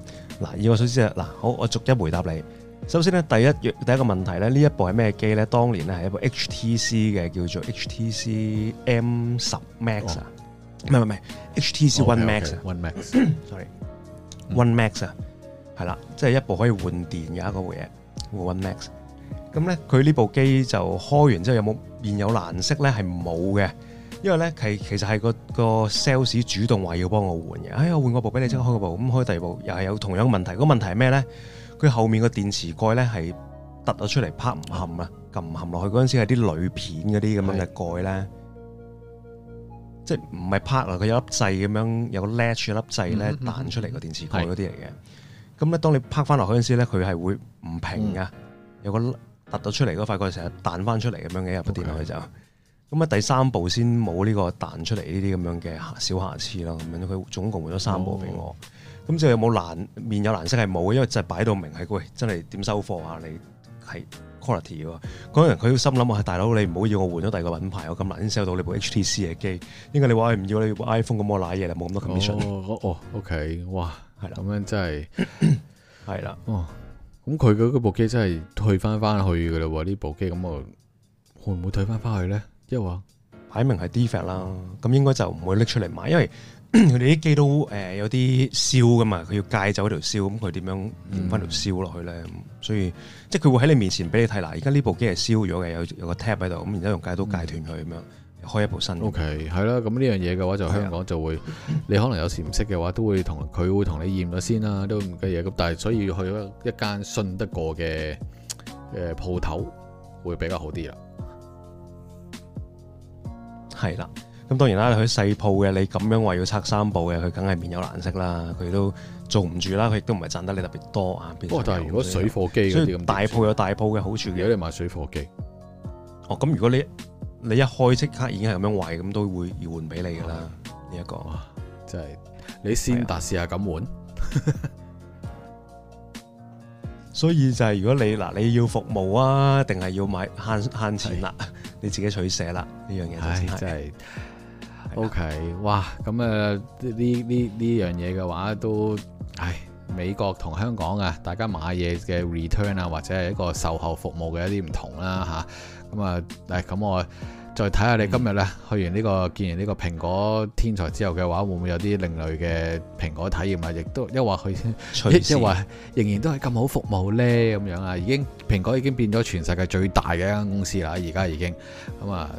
以我所知啊，嗱，好，我逐一回答你。首先咧，第一第一個問題咧，呢一部係咩機咧？當年咧係一部 HTC 嘅，叫做 HTC M 十 Max 啊、哦，唔係唔係，HTC One Max，One Max，sorry，One Max 啊，係啦，即係、就是、一部可以換電嘅一個嘢，One Max。咁咧佢呢部機就開完之後有冇現有藍色咧？係冇嘅，因為咧係其實係、那個個 sales 主動話要幫我換嘅。哎呀，換個部俾你即刻開個部，咁開第二部又係有同樣的問題。那個問題係咩咧？佢後面個電池蓋咧係凸咗出嚟，啪，唔冚啊，撳唔冚落去嗰陣時係啲鋁片嗰啲咁樣嘅蓋咧，是即係唔係拍啊？佢有粒掣咁樣，有個 latch 粒掣咧彈出嚟個電池蓋嗰啲嚟嘅。咁、嗯、咧，當你拍翻落去嗰陣時咧，佢係會唔平㗎？嗯、有個凸到出嚟嗰塊蓋成日彈翻出嚟咁樣嘅入部電腦就，咁啊 Okay. 第三部先冇呢個彈出嚟呢啲咁樣嘅小瑕疵啦。咁樣佢總共換咗三部俾我。哦。咁即係有冇難面，有難色係冇嘅，因為即係擺到明係，喂，真係點收貨啊？你係 quality 喎。嗰人佢心諗啊，大佬你唔好要我換咗第二個品牌，我咁難先 sell 到部你，你部 HTC 嘅機。應該你話係唔要你部 iPhone 咁我瀨嘢啦，冇咁多 commission。哦 OK 哇，係啦，咁樣真係係啦。哦，咁佢嗰部機真係退翻翻去嘅嘞喎！呢部機咁我會唔會退翻翻去咧？因為話擺明係 defect 啦，咁應該就唔會拎出嚟賣，因為。佢哋啲機都誒有啲燒噶嘛，佢要戒走嗰條燒，咁佢點樣點翻條燒落去咧？嗯、所以即係佢會喺你面前俾你睇嗱，而家呢部機係燒咗嘅，有有個 tap 喺度，咁然之後用戒刀戒斷佢咁樣開一部新。OK，係啦，咁呢樣嘢嘅話就香港就會，的你可能有時唔識嘅話都，都會同佢會同你驗咗先啦，都唔緊要咁。但係所以去一間信得過嘅誒鋪頭會比較好啲啦。係啦。咁當然啦，你去細鋪嘅，你咁樣話要拆三部嘅，佢梗係面有難色啦，佢都做唔住啦，佢亦都唔係賺得你特別多啊。不過就係如果水貨機，所以大鋪有大鋪嘅好處，如果你買水貨機，哦咁如果你你一開即刻已經係咁樣壞，咁都會要換俾你噶啦。呢一、啊呢個、啊、即係你先達試下咁換。是啊、 [LAUGHS] 所以就係如果你嗱，你要服務啊，定係要買慳慳錢啦、啊，是你自己取捨啦。呢樣嘢先係。O、okay, K. 哇，咁啊呢呢呢樣嘢嘅話都，唉，美國同香港啊，大家買嘢嘅 return 啊，或者係一個售後服務嘅一啲唔同啦，吓，咁啊，誒、嗯，咁我再睇下你今日咧去完呢、呢個見完呢個蘋果天才之後嘅話，會唔會有啲另類嘅蘋果體驗啊？亦都一話佢即係話仍然都係咁好服務呢。咁樣啊，已經蘋果已經變咗全世界最大嘅一間公司啦，而家已經，咁啊，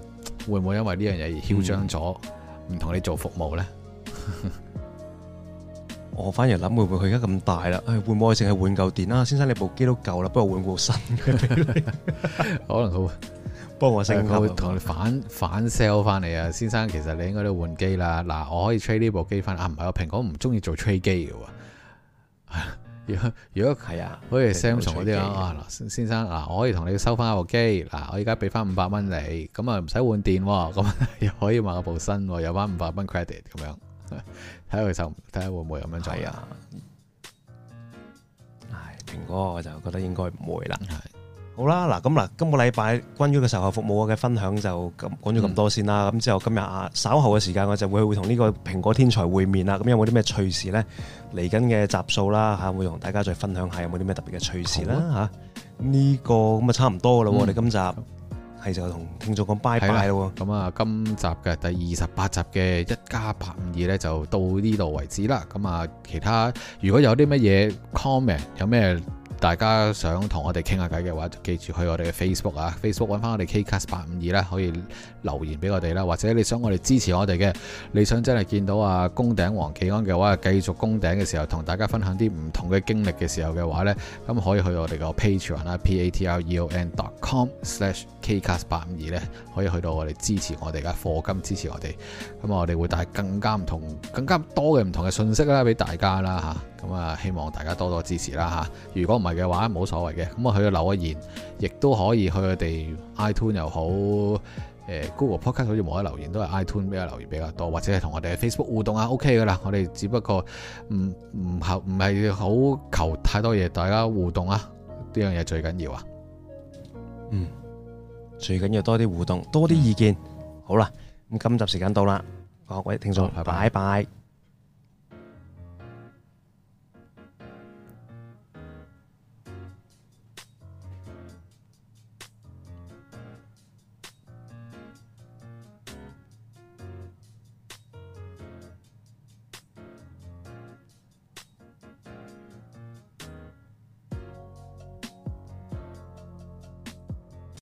會唔會因為呢樣嘢而囂張咗？嗯唔同你做服務咧， [LAUGHS] 我反而諗會唔會佢而家咁大啦？誒，會唔會淨係換舊電啦、啊？先生你部機都夠啦，不如換部新嘅。 [LAUGHS] [LAUGHS] 可能佢會幫我升級，佢同 [LAUGHS] 你反反 sell 翻嚟啊！ [LAUGHS] 先生，其實你應該都換機啦。嗱，我可以 trade 呢部機翻啊？唔係，我蘋果唔中意做 trade 機嘅。 [LAUGHS] 如果如果係啊，好似 Samsung 嗰啲啊，嗱先生嗱，我可以同你收翻部機，嗱我而家俾翻五百蚊你，咁啊唔使換電，咁又可以買部新，有翻五百蚊 credit 咁樣，睇下佢受，睇下會唔會咁樣做啊？唉，蘋果我就覺得應該唔會啦。係。好啦，嗱咁嗱，今個禮拜關於個售後服務我嘅分享就咁講咗咁多先啦。咁、嗯、之後今日啊，稍後嘅時間我就會會同呢個蘋果天才會面啦。咁有冇啲咩趣事呢？嚟緊嘅集數啦，嚇會同大家再分享下有冇啲咩特別嘅趣事啦，吓呢、啊啊呢個咁啊差唔多噶啦，嗯、我哋今集係就同聽眾講拜拜喎。咁啊、嗯，今集嘅第二十八集嘅一家八五二咧就到呢度為止啦。咁啊，其他如果有啲乜嘢 comment，有咩？大家想同我哋傾下偈嘅話，記住去我哋嘅 Facebook 啊，Facebook 揾翻我哋 Kcast 八五二啦，可以留言俾我哋啦。或者你想我哋支持我哋嘅，你想真係見到啊，宮頂黃記安嘅話，繼續宮頂嘅時候，同大家分享啲唔同嘅經歷嘅時候嘅話呢。咁可以去我哋個 Pay 傳啦，p, on, P a t l e o n dot com slash kcast 八五二咧，K、2, 可以去到我哋支持我哋嘅貨金支持我哋。咁我哋會帶更加唔同、更加多嘅唔同嘅信息啦，俾大家啦。咁啊，希望大家多多支持啦嚇！如果唔係嘅話，冇所謂嘅。咁啊，去留個言，亦都可以去我哋 iTune 又好，誒 Google Podcast 好似冇得留言，都係 iTune 比較留言比較多，或者係同我哋 Facebook 互動啊，OK 噶啦。我哋只不過唔唔係唔係好求太多嘢，大家互動啊，呢樣嘢最緊要啊。嗯，最緊要多啲互動，多啲意見。嗯、好啦，咁今集時間到啦，各位聽眾，哦、拜拜。拜拜。